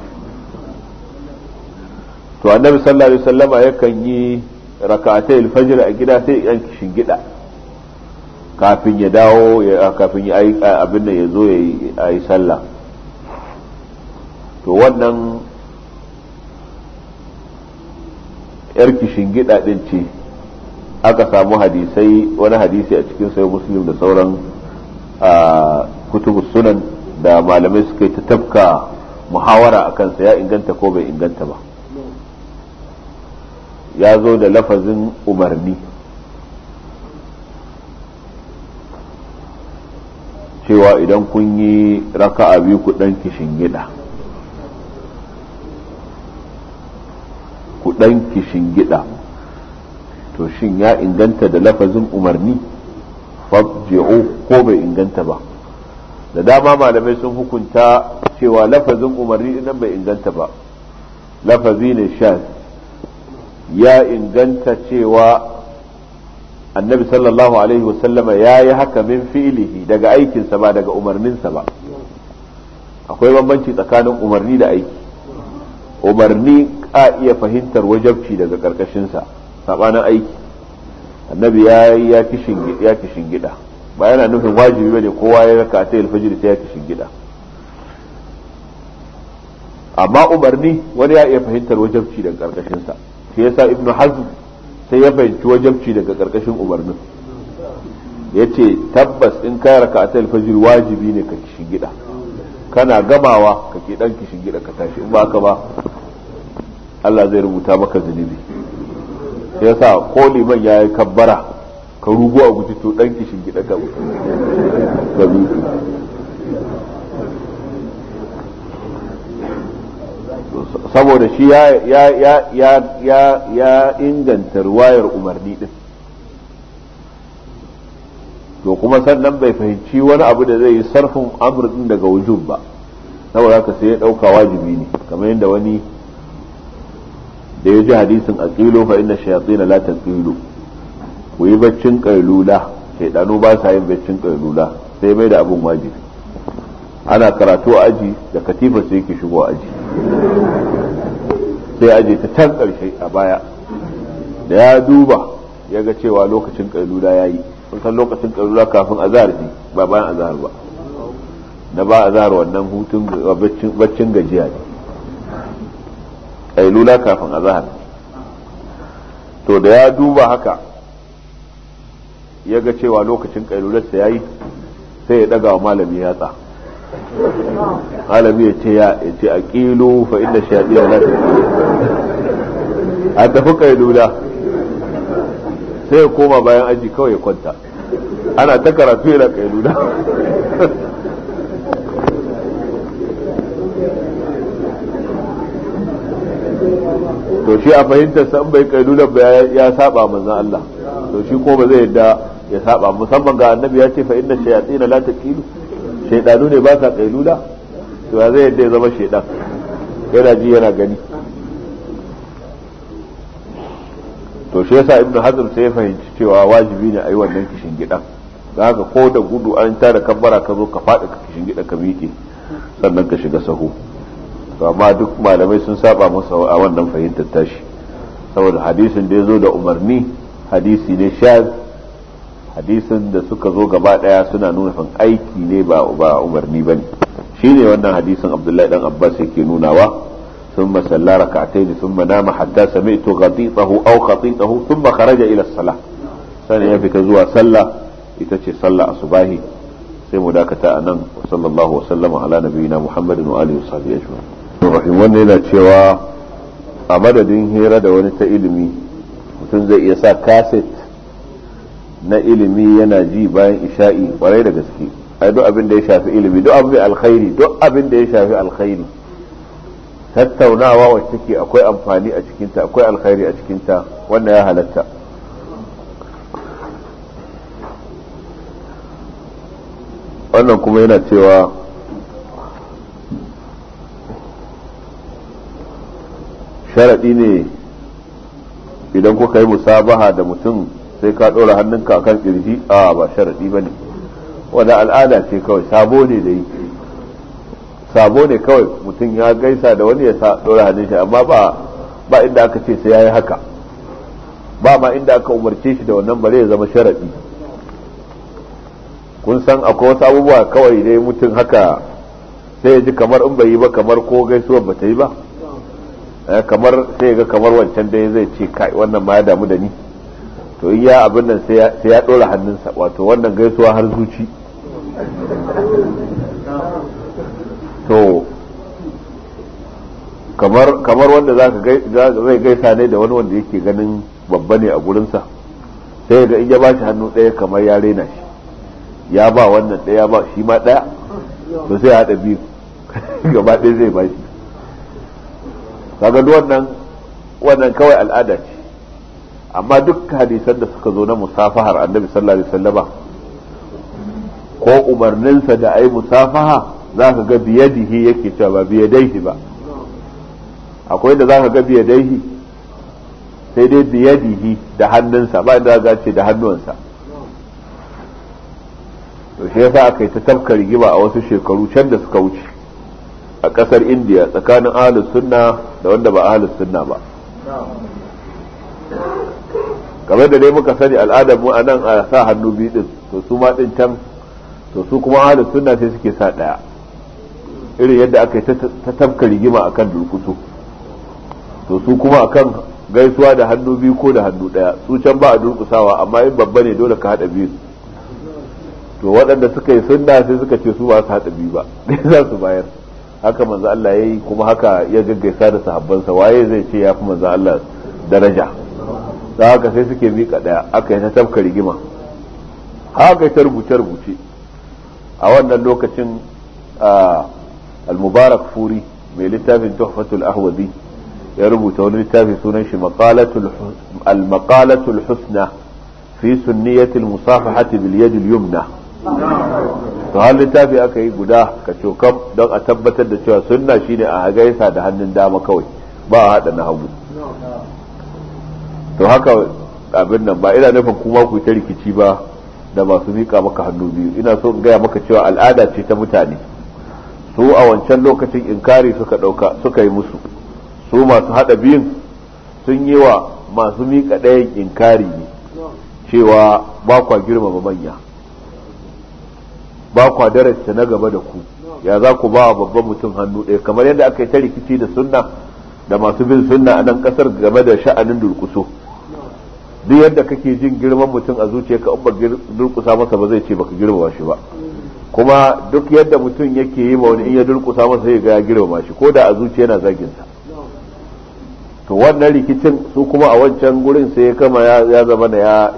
to annabi sallallahu alaihi wasallama yakan yi rakatai alfajr a gida sai ya shingida kafin ya dawo kafin ya abin da ya zo ya yi sallah to wannan yar shingida din ce aka samu hadisai wani hadisi a cikin sai muslim da sauran kutubu sunan da malamai suka yi ta tafka muhawara a kansa ya inganta ko bai inganta ba ya zo da lafazin umarni cewa idan kun yi raka'a biyu ku ɗan gida ku ɗan gida to shin ya inganta da lafazin umarni fabji'u ko bai inganta ba da dama malamai sun hukunta cewa lafazin umarni nan bai inganta ba lafazi ne shaz ya inganta cewa annabi sallallahu alaihi wasallama ya yi haka min fi'ilihi daga aikinsa ba daga umarninsa ba akwai bambanci tsakanin umarni da aiki umarni a iya fahimtar wajabci daga ƙarƙashinsa saɓanin aiki annabi ya ya kishin gida ba yana nufin wajibi bane kowa ya raka ta alfajiri sai ya kishin gida amma umarni wani ya iya fahimtar wajabci daga ƙarƙashinsa shi yasa ibn hazm sai ya fahimci wajabci daga karkashin umarnin yace tabbas in ka raka ta alfajir wajibi ne ka kishin gida kana gamawa ka ke dan kishin gida ka tashi in ba ka ba Allah zai rubuta maka zunubi yasa ko liman yayi kabbara ka rugu a guji to dan kishin gida ka saboda shi ya inganta ruwayar umarni din to kuma sannan bai fahimci wani abu da zai yi sarfin amur daga wujub ba saboda haka sai ya ɗauka wajibi ne kamar yadda wani da ya ji hadisin a aqilu fa shayatsi na latin taqilu ku yi baccin kailula shaidanu ba sa yin baccin kailula sai mai da abun wajibi ana karatu a aji da katifa sai yake shigo aji sai ya aje ta can ƙarshe a baya da ya duba ya ga cewa lokacin ƙailula ya yi kun san lokacin ƙailula kafin zahar ne ba bayan zahar ba na ba zahar wannan hutun baccin gajiya ne ƙailula kafin azhar to da ya duba haka ya ga cewa lokacin ƙailularsa ya yi sai ya ɗaga wa malami yatsa malami ya ce ya ce a ƙilu fa inda shaɗi na ta a tafi kailula sai ya koma bayan aji kawai ya kwanta ana ta karatu yana to shi a fahimtar san bai kailula ba ya saba manzan Allah to shi ko ba zai yadda ya saba musamman ga annabi ya ce fa inna shayatin la taqilu shaidanu ne ba sa kailula to ya zai yadda ya zama shaidan yana ji yana gani to shi yasa ibnu hazm sai ya fahimci cewa wajibi ne a yi wannan kishin gidan za ka ko da gudu an tara kabbara ka zo ka faɗi ka kishin gida ka miƙe sannan ka shiga sahu to amma duk malamai sun saba masa a wannan fahimtar tashi saboda hadisin da ya zo da umarni hadisi ne shaz hadisin da suka zo gaba daya suna nuna nufin aiki ne ba ba umarni bane shine wannan hadisin Abdullahi dan Abbas yake nunawa ثم صلى ركعتين ثم نام حتى سمعت غطيطه أو خطيطه ثم خرج إلى الصلاة سنة يفك زوا صلى يتشي صلى أصباهي سيمو داكتا أنم وصلى الله وسلم على نبينا محمد وآله وصحبه أجمعين الرحيم وانا cewa a madadin hira da wani ta ilimi mutum zai iya sa kaset na ilimi yana ji bayan isha'i kwarai da gaske ai duk abin da ya shafi ilimi duk abin alkhairi duk abin da ya shafi alkhairi tattaunawa wacce take akwai amfani a cikinta akwai alkhairi a cikinta wannan ya halatta wannan kuma yana cewa sharaɗi ne idan kuka yi musabaha da mutum sai ka ɗora hannunka kan ƙirji a ba sharaɗi ba ne wadda al'ada ce kawai sabo ne da yi sabo ne kawai mutum ya gaisa da wani ya ɗora hannun shi amma ba ba inda aka ce sai ya yi haka ba ma inda aka umarce shi da wannan bare ya zama sharaɗi kun san akwai wasu abubuwa kawai dai mutum haka sai ya ji kamar in bai yi ba kamar ko gaisuwar ba ta yi ba eh, kamar sai ga kamar wancan dai zai ce kai wannan ma ya damu da ni to in ya abin nan sai ya ɗora hannunsa wato wannan gaisuwa har zuci to kamar wanda zai gaisa ne da wani wanda yake ganin babba ne a gurinsa sai ga in ya ba shi hannu ɗaya kamar ya rena shi ya ba wannan ɗaya ba shi ma ɗaya to sai ya haɗa biyu gaba ɗaya zai ba shi kaga wannan wannan kawai al'ada ce amma duk hadisan da suka zo na musafahar annabi sallallahu alaihi wasallama ko umarninsa da ai musafaha za ka ga biyadihi yake cewa ba biyadaihi ba akwai da za ka ga biyadaihi sai dai biyadihi da hannunsa ba inda za ce da hannunsa to shi yasa aka yi ta tabkar rigima a wasu shekaru can da suka wuce a kasar indiya tsakanin ahlus sunna da wanda ba ahlus sunna ba kamar da dai muka sani al'adar mu anan a sa hannu biyu din to su ma din can to su kuma ahlus sunna sai suke sa daya irin yadda aka yi ta tafka rigima akan durkusu to su kuma akan gaisuwa da hannu biyu ko da hannu daya su can ba a durkusawa amma in babba ne dole ka hada biyu to waɗanda suka yi sunna sai suka ce su ba su hada biyu ba za su bayar haka manzo Allah yayi kuma haka ya gaggaisa da sahabbansa waye zai ce ya fi manzo Allah daraja ta haka sai suke mika ɗaya aka yi ta tafka rigima haka ta rubuce rubuce a wannan lokacin al-mubarak furi mai littafin tuhfatul ahwazi ya rubuta wani littafi sunan shi al-maqalatul husna fi sunniyatil musafahati bil yumna to har littafi aka yi guda ka cokam don a tabbatar da cewa sunna shine a hagaisa da hannun dama kawai ba a haɗa na hagu to haka abin nan ba ina nufin kuma ku ta rikici ba da masu mika maka hannu biyu ina so in gaya maka cewa al'ada ce ta mutane su a wancan lokacin inkari suka ɗauka suka yi musu su masu haɗa biyun sun yi wa masu mika ɗayan inkari ne cewa ba kwa girmama manya ba kwa darasta na gaba da ku ya za ku ba babban mutum hannu ɗaya kamar yadda aka yi ta rikici da sunna da masu bin sunna a nan ƙasar game da sha'anin durkuso duk yadda kake jin girman mutum a zuciyarka in ba durƙusa masa ba zai ce baka girmama shi ba kuma duk yadda mutum yake yi ma wani in ya durkusa masa zai ga ya girmama shi ko da a zuciya yana zagin sa to wannan rikicin su kuma a wancan gurin sai ya kama ya zama na ya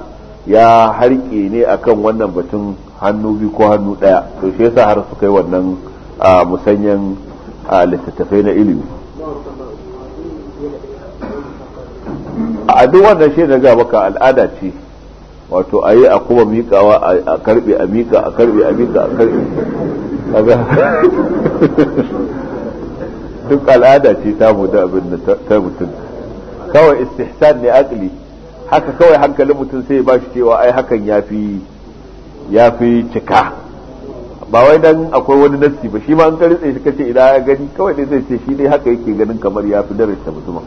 ya harke ne akan wannan batun hannu biyu ko hannu ɗaya to shi yasa har su kai wannan musanyan littattafai na ilimi a duk wannan shi da ga maka al'ada ce wato a yi a kuma miƙawa a karɓe a miƙa a karɓe a miƙa a karɓe duk al'ada ce ta mu da abin da ta mutum kawai istihsan ne akli haka kawai hankalin mutum sai ba shi cewa ai hakan ya fi ya fi cika ba wai dan akwai wani nassi ba shi ma an karitse shi kace idan ya gani kawai dai zai ce shi ne haka yake ganin kamar ya fi darasta mutum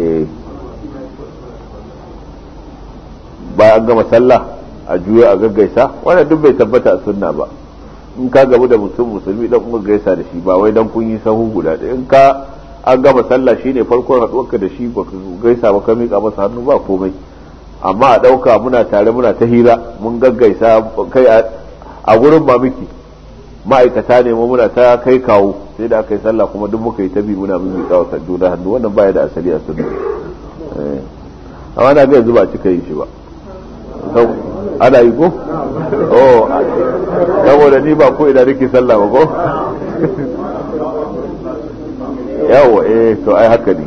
eh bayan gama sallah a juya a gaggaisa wannan duk bai tabbata a sunna ba in ka gabu da mutum musulmi dan kuma gaisa da shi ba wai dan kun yi sahu guda ɗaya in ka an gama sallah shine farkon haɗuwarka da shi ba ka gaisa ba ka miƙa masa hannu ba komai amma a ɗauka muna tare muna ta hira mun gaggaisa kai a gurin mamiki ma'aikata ne muna ta kai kawo sai da aka yi sallah kuma duk muka yi tabi muna mun miƙa wa juna hannu wannan baya da asali a sunna eh. amma na ga yanzu ba cika yin shi ba ana yi ko oh saboda ni ba ko ina nake sallah ba ko yawo eh to ai haka ne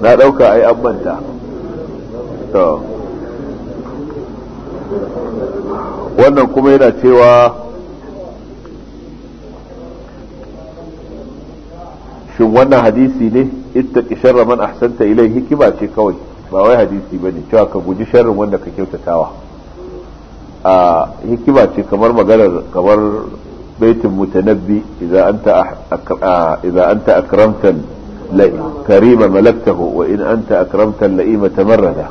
na dauka ai an manta to wannan kuma yana cewa shin wannan hadisi ne ita sharra man ahsanta ilayhi kiba ce kawai ba wai hadisi ba ne cewa ka guji sharrin wanda ka kyautatawa a hikima ce kamar maganar kamar baitin mutanabbi idza anta ah, idza anta akramtan karima malaktahu wa in anta akramtan la'ima tamarrada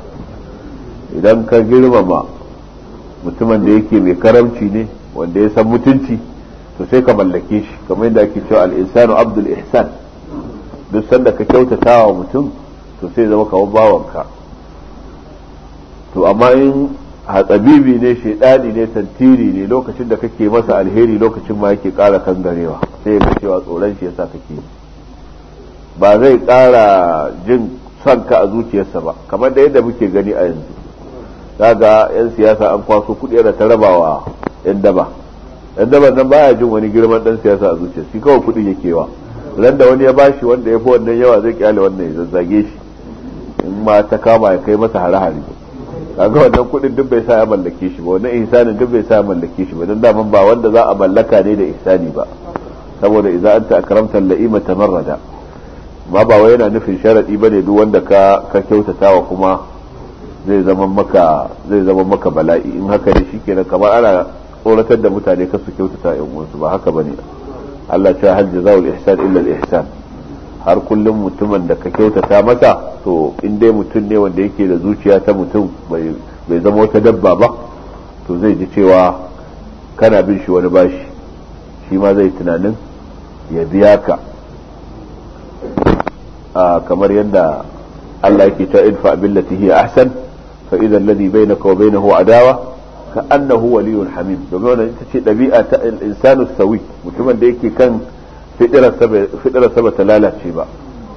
idan ka girmama mutumin da yake mai karamci ne wanda ya san mutunci to sai ka mallake shi kamar yadda ake cewa al-insanu abdul ihsan duk sanda ka kyautatawa mutum to sai zama kawo bawanka to amma in hatsabibi ne shaidani ne tantiri ne lokacin da kake masa alheri lokacin ma yake kan kangarewa sai ya cewa tsoron shi yasa kake ba zai kara jin son ka a zuciyarsa ba kamar da yadda muke gani a yanzu kaga yan siyasa an kwaso kuɗi da ta rabawa yan daba yan daba nan baya jin wani girman dan siyasa a zuciyarsa shi kawai kuɗi yake wa ran wani ya bashi wanda ya fi wannan yawa zai kyale wannan ya zazzage shi in ma ta kama ya kai masa hare-hare kaga wannan kudin duk bai sa ya mallake shi ba wannan ihsanin duk bai sa ya mallake shi ba dan daman ba wanda za a mallaka ne da ihsani ba saboda idan anta akramta al-la'ima tamarrada ma ba wai yana nufin sharadi bane duk wanda ka ka kyautatawa kuma zai zama maka zai zama maka bala'i in haka ne shikenan kamar ana tsoratar da mutane kasu kyautata yan uwansu ba haka bane Allah ya hal jaza'ul ihsan illa al-ihsan har kullum mutumin da ka kyautata masa to in dai mutum ne wanda yake da zuciya ta mutum bai zama wata dabba ba to zai ji cewa kana bin shi wani bashi shi ma zai tunanin ya biya ka kamar yadda Allah yake ta idfa billati hiya ahsan fa idza alladhi bainaka wa bainahu adawa ka annahu waliyyun hamim domin wannan ita ce dabi'a ta al-insanu sawi mutumin da yake kan fitirarsa ba ta lalace ba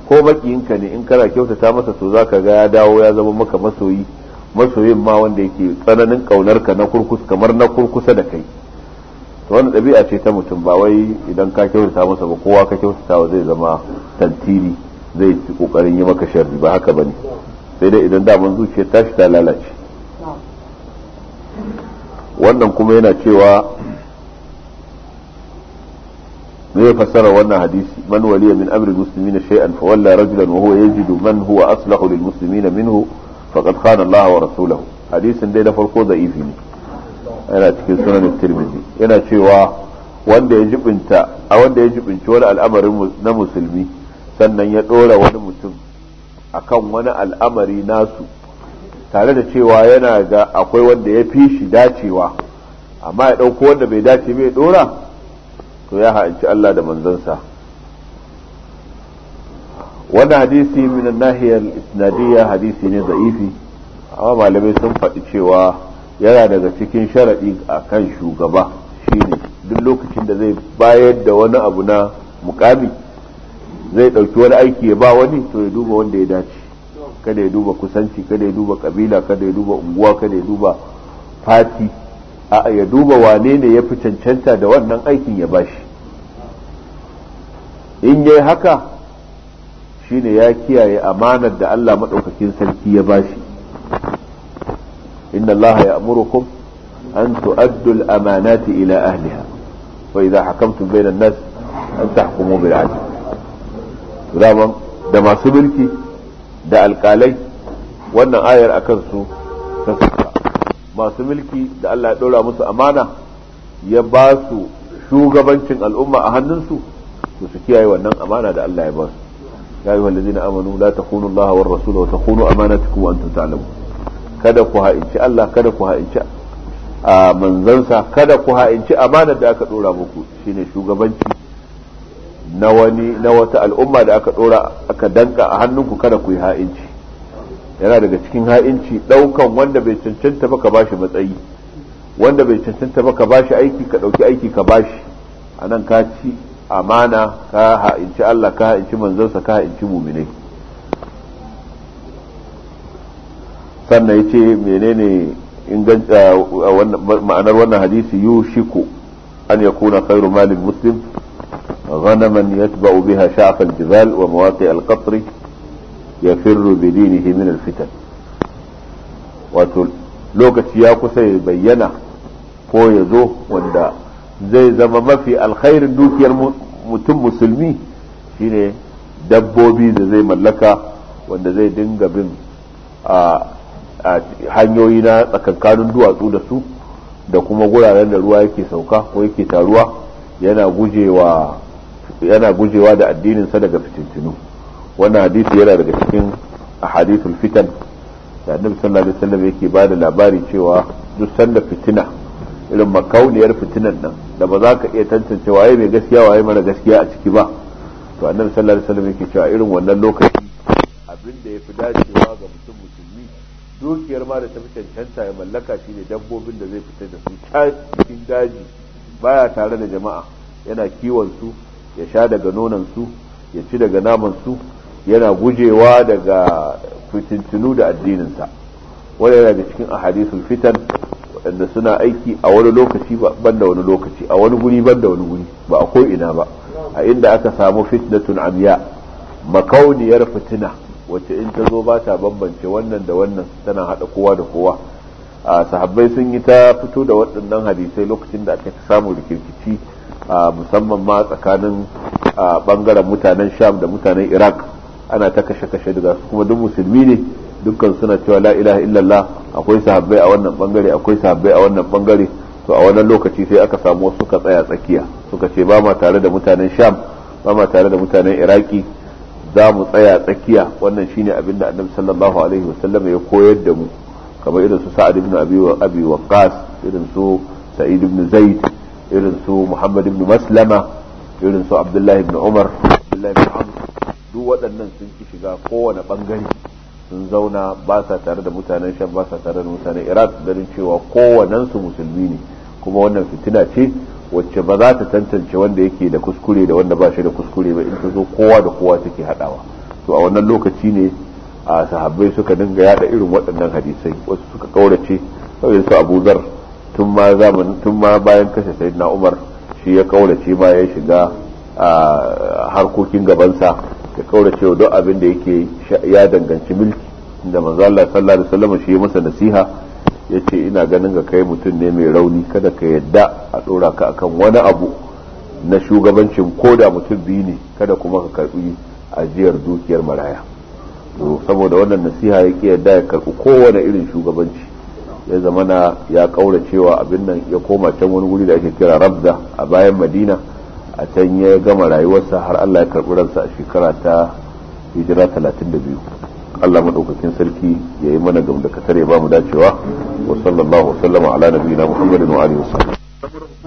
ko makiyinka ne in kana kyautata masa to zaka ga ya dawo ya zama maka masoyi masoyin ma wanda yake tsananin ka na kurkus kamar na kurkusa da kai to wannan ɗabi'a ce ta mutum ba wai idan ka kyautata masa ba kowa ka kyautata wa zai zama tantiri zai ci kokarin yi maka sharri ba haka bane sai dai idan daman zuciyar tashi ta lalace wannan kuma yana cewa me fassara wannan hadisi man waliya min amri muslimina shay'an fa walla rajulan wa huwa yajidu man huwa aslahu lil muslimina minhu faqad khana Allah wa rasulahu hadisin dai na farko za'ifi ne yana cikin sunan tirmidhi yana cewa wanda ya jibinta a wanda ya jibinci wani al'amarin na musulmi sannan ya dora wani mutum akan wani al'amari nasu tare da cewa yana ga akwai wanda ya fi shi dacewa amma ya ɗauko wanda bai dace bai dora to ya ha'inci Allah da manzansa wannan hadisi min nahiyar isnadiyya hadisi ne za'ifi amma malamai sun faɗi cewa yana daga cikin sharaɗi a kan shugaba shine duk lokacin da zai bayar da wani abu na mukami zai ɗauki wani aiki ya ba wani to ya duba wanda ya dace kada ya duba kusanci kada ya duba kabila kada ya duba unguwa kada ya duba fati a ya duba wane ne ya fi cancanta da wannan aikin ya bashi in yi haka shine ya kiyaye amanar da Allah maɗaukakin sarki ya bashi inna Allah ya amurukum an tu'addu amanati ila ahliha wa idza hakamtum bayna an-nas an tahkumu bil adl da masu mulki da alƙalai wannan ayar akan su ta masu mulki da Allah ya ɗora musu amana ya ba su shugabancin al'umma a hannunsu to su kiyaye wannan amana da Allah ya ba su ya yi na amanu la kunu Allah wa rasul wa amana ta kuwa antum talibu kada ku ha'inci Allah kada ku ha'inci a manzansa kada ku ha'inci amana da aka ɗora muku shine shugabanci na wani na wata al'umma da aka ɗora aka danka a hannunku kada ku yi ha'inci yana daga cikin ha'inci ɗaukan wanda bai cancanta ba ka bashi matsayi wanda bai cancanta ba ka bashi aiki ka ɗauki aiki ka bashi a nan ka ci amana ka ha'inci Allah ka ha'inci manzansa ka ha'inci muminai sannan ya ce menene ma'anar wannan hadisi yushiku an ya kuna khairu malin muslim غنما يتبع بها شعف الجبال ومواقع القطر yafirru bi dinihi min al wato lokaci ya kusa ya bayyana ko ya zo wanda zai zama mafi alkhairin dukiyar mutum musulmi shine dabbobi da zai mallaka wanda zai dinga bin a hanyoyi na tsakankanin duwatsu da su da kuma guraren da ruwa yake sauka ko yake taruwa yana gujewa da addininsa daga fitintinu wannan hadisi yana daga cikin ahadithul fitan da annabi sallallahu alaihi wasallam yake ba da labari cewa duk sanda fitina irin makauniyar fitinan nan da ba za ka iya tantance waye mai gaskiya waye mara gaskiya a ciki ba to annabi sallallahu alaihi wasallam yake cewa irin wannan lokaci abin da yafi dacewa ga mutum musulmi dukiyar ma da tafi cancanta ya mallaka shine dabbobin da zai fita da su cikin daji baya tare da jama'a yana kiwon su ya sha daga nonon su ya ci daga naman su yana gujewa daga fitintinu da addininsa wani yana da cikin ahadisul fitan waɗanda suna aiki a wani lokaci ban da wani lokaci a wani guri ban da wani guri ba a ina ba a inda aka samu fitnatun amiya makauniyar fitina wacce in ta zo ba ta bambance wannan da wannan tana haɗa kowa da kowa a sahabbai sun yi ta fito da waɗannan hadisai lokacin da aka samu rikirkici musamman ma tsakanin ɓangaren mutanen sham da mutanen iraq ana ta kashe kashe daga su kuma duk musulmi ne dukkan suna cewa la ilaha illallah akwai sahabbai a wannan bangare akwai sahabbai a wannan bangare to a wannan lokaci sai aka samu wasu suka tsaya tsakiya suka ce ba ma tare da mutanen sham ba ma tare da mutanen iraki za mu tsaya tsakiya wannan shine abin da annabi sallallahu alaihi wasallam ya koyar da mu kamar irin su sa'ad ibn abi wa abi waqas irin su sa'id ibn zaid irin su muhammad ibn maslama irin su abdullah ibn umar abdullah ibn duk waɗannan sun ki shiga kowane ɓangare sun zauna ba sa tare da mutanen shan ba sa tare da mutanen iraq ganin cewa su musulmi ne kuma wannan fitina ce wacce ba za ta tantance wanda yake da kuskure da wanda ba shi da kuskure ba in ta zo kowa da kowa take haɗawa to a wannan lokaci ne a sahabbai suka dinga yada irin waɗannan hadisai wasu suka kaurace sai su abu zar tun ma zamanin tun ma bayan kashe sayyidina umar shi ya kaurace ma ya shiga harkokin gabansa ka kaura wa duk abin da yake ya danganci milki inda manzo Allah sallallahu alaihi wasallam shi masa nasiha yace ina ganin ga kai mutum ne mai rauni kada ka yadda a dora ka akan wani abu na shugabancin koda mutum biyu ne kada kuma ka karbi ajiyar dukiyar maraya saboda wannan nasiha yake yadda ya karbi kowane irin shugabanci ya zamana ya kaura cewa abin nan ya koma can wani guri da ake kira rabza a bayan madina a can ya gama rayuwarsa har Allah ya karɓi ransa a shekara ta hijira 32 Allah madaukakin sarki ya yi mana gamdakatar ya ba mu dacewa wa sallallahu wasallama ala nabiyina Muhammadin wa alihi wasallam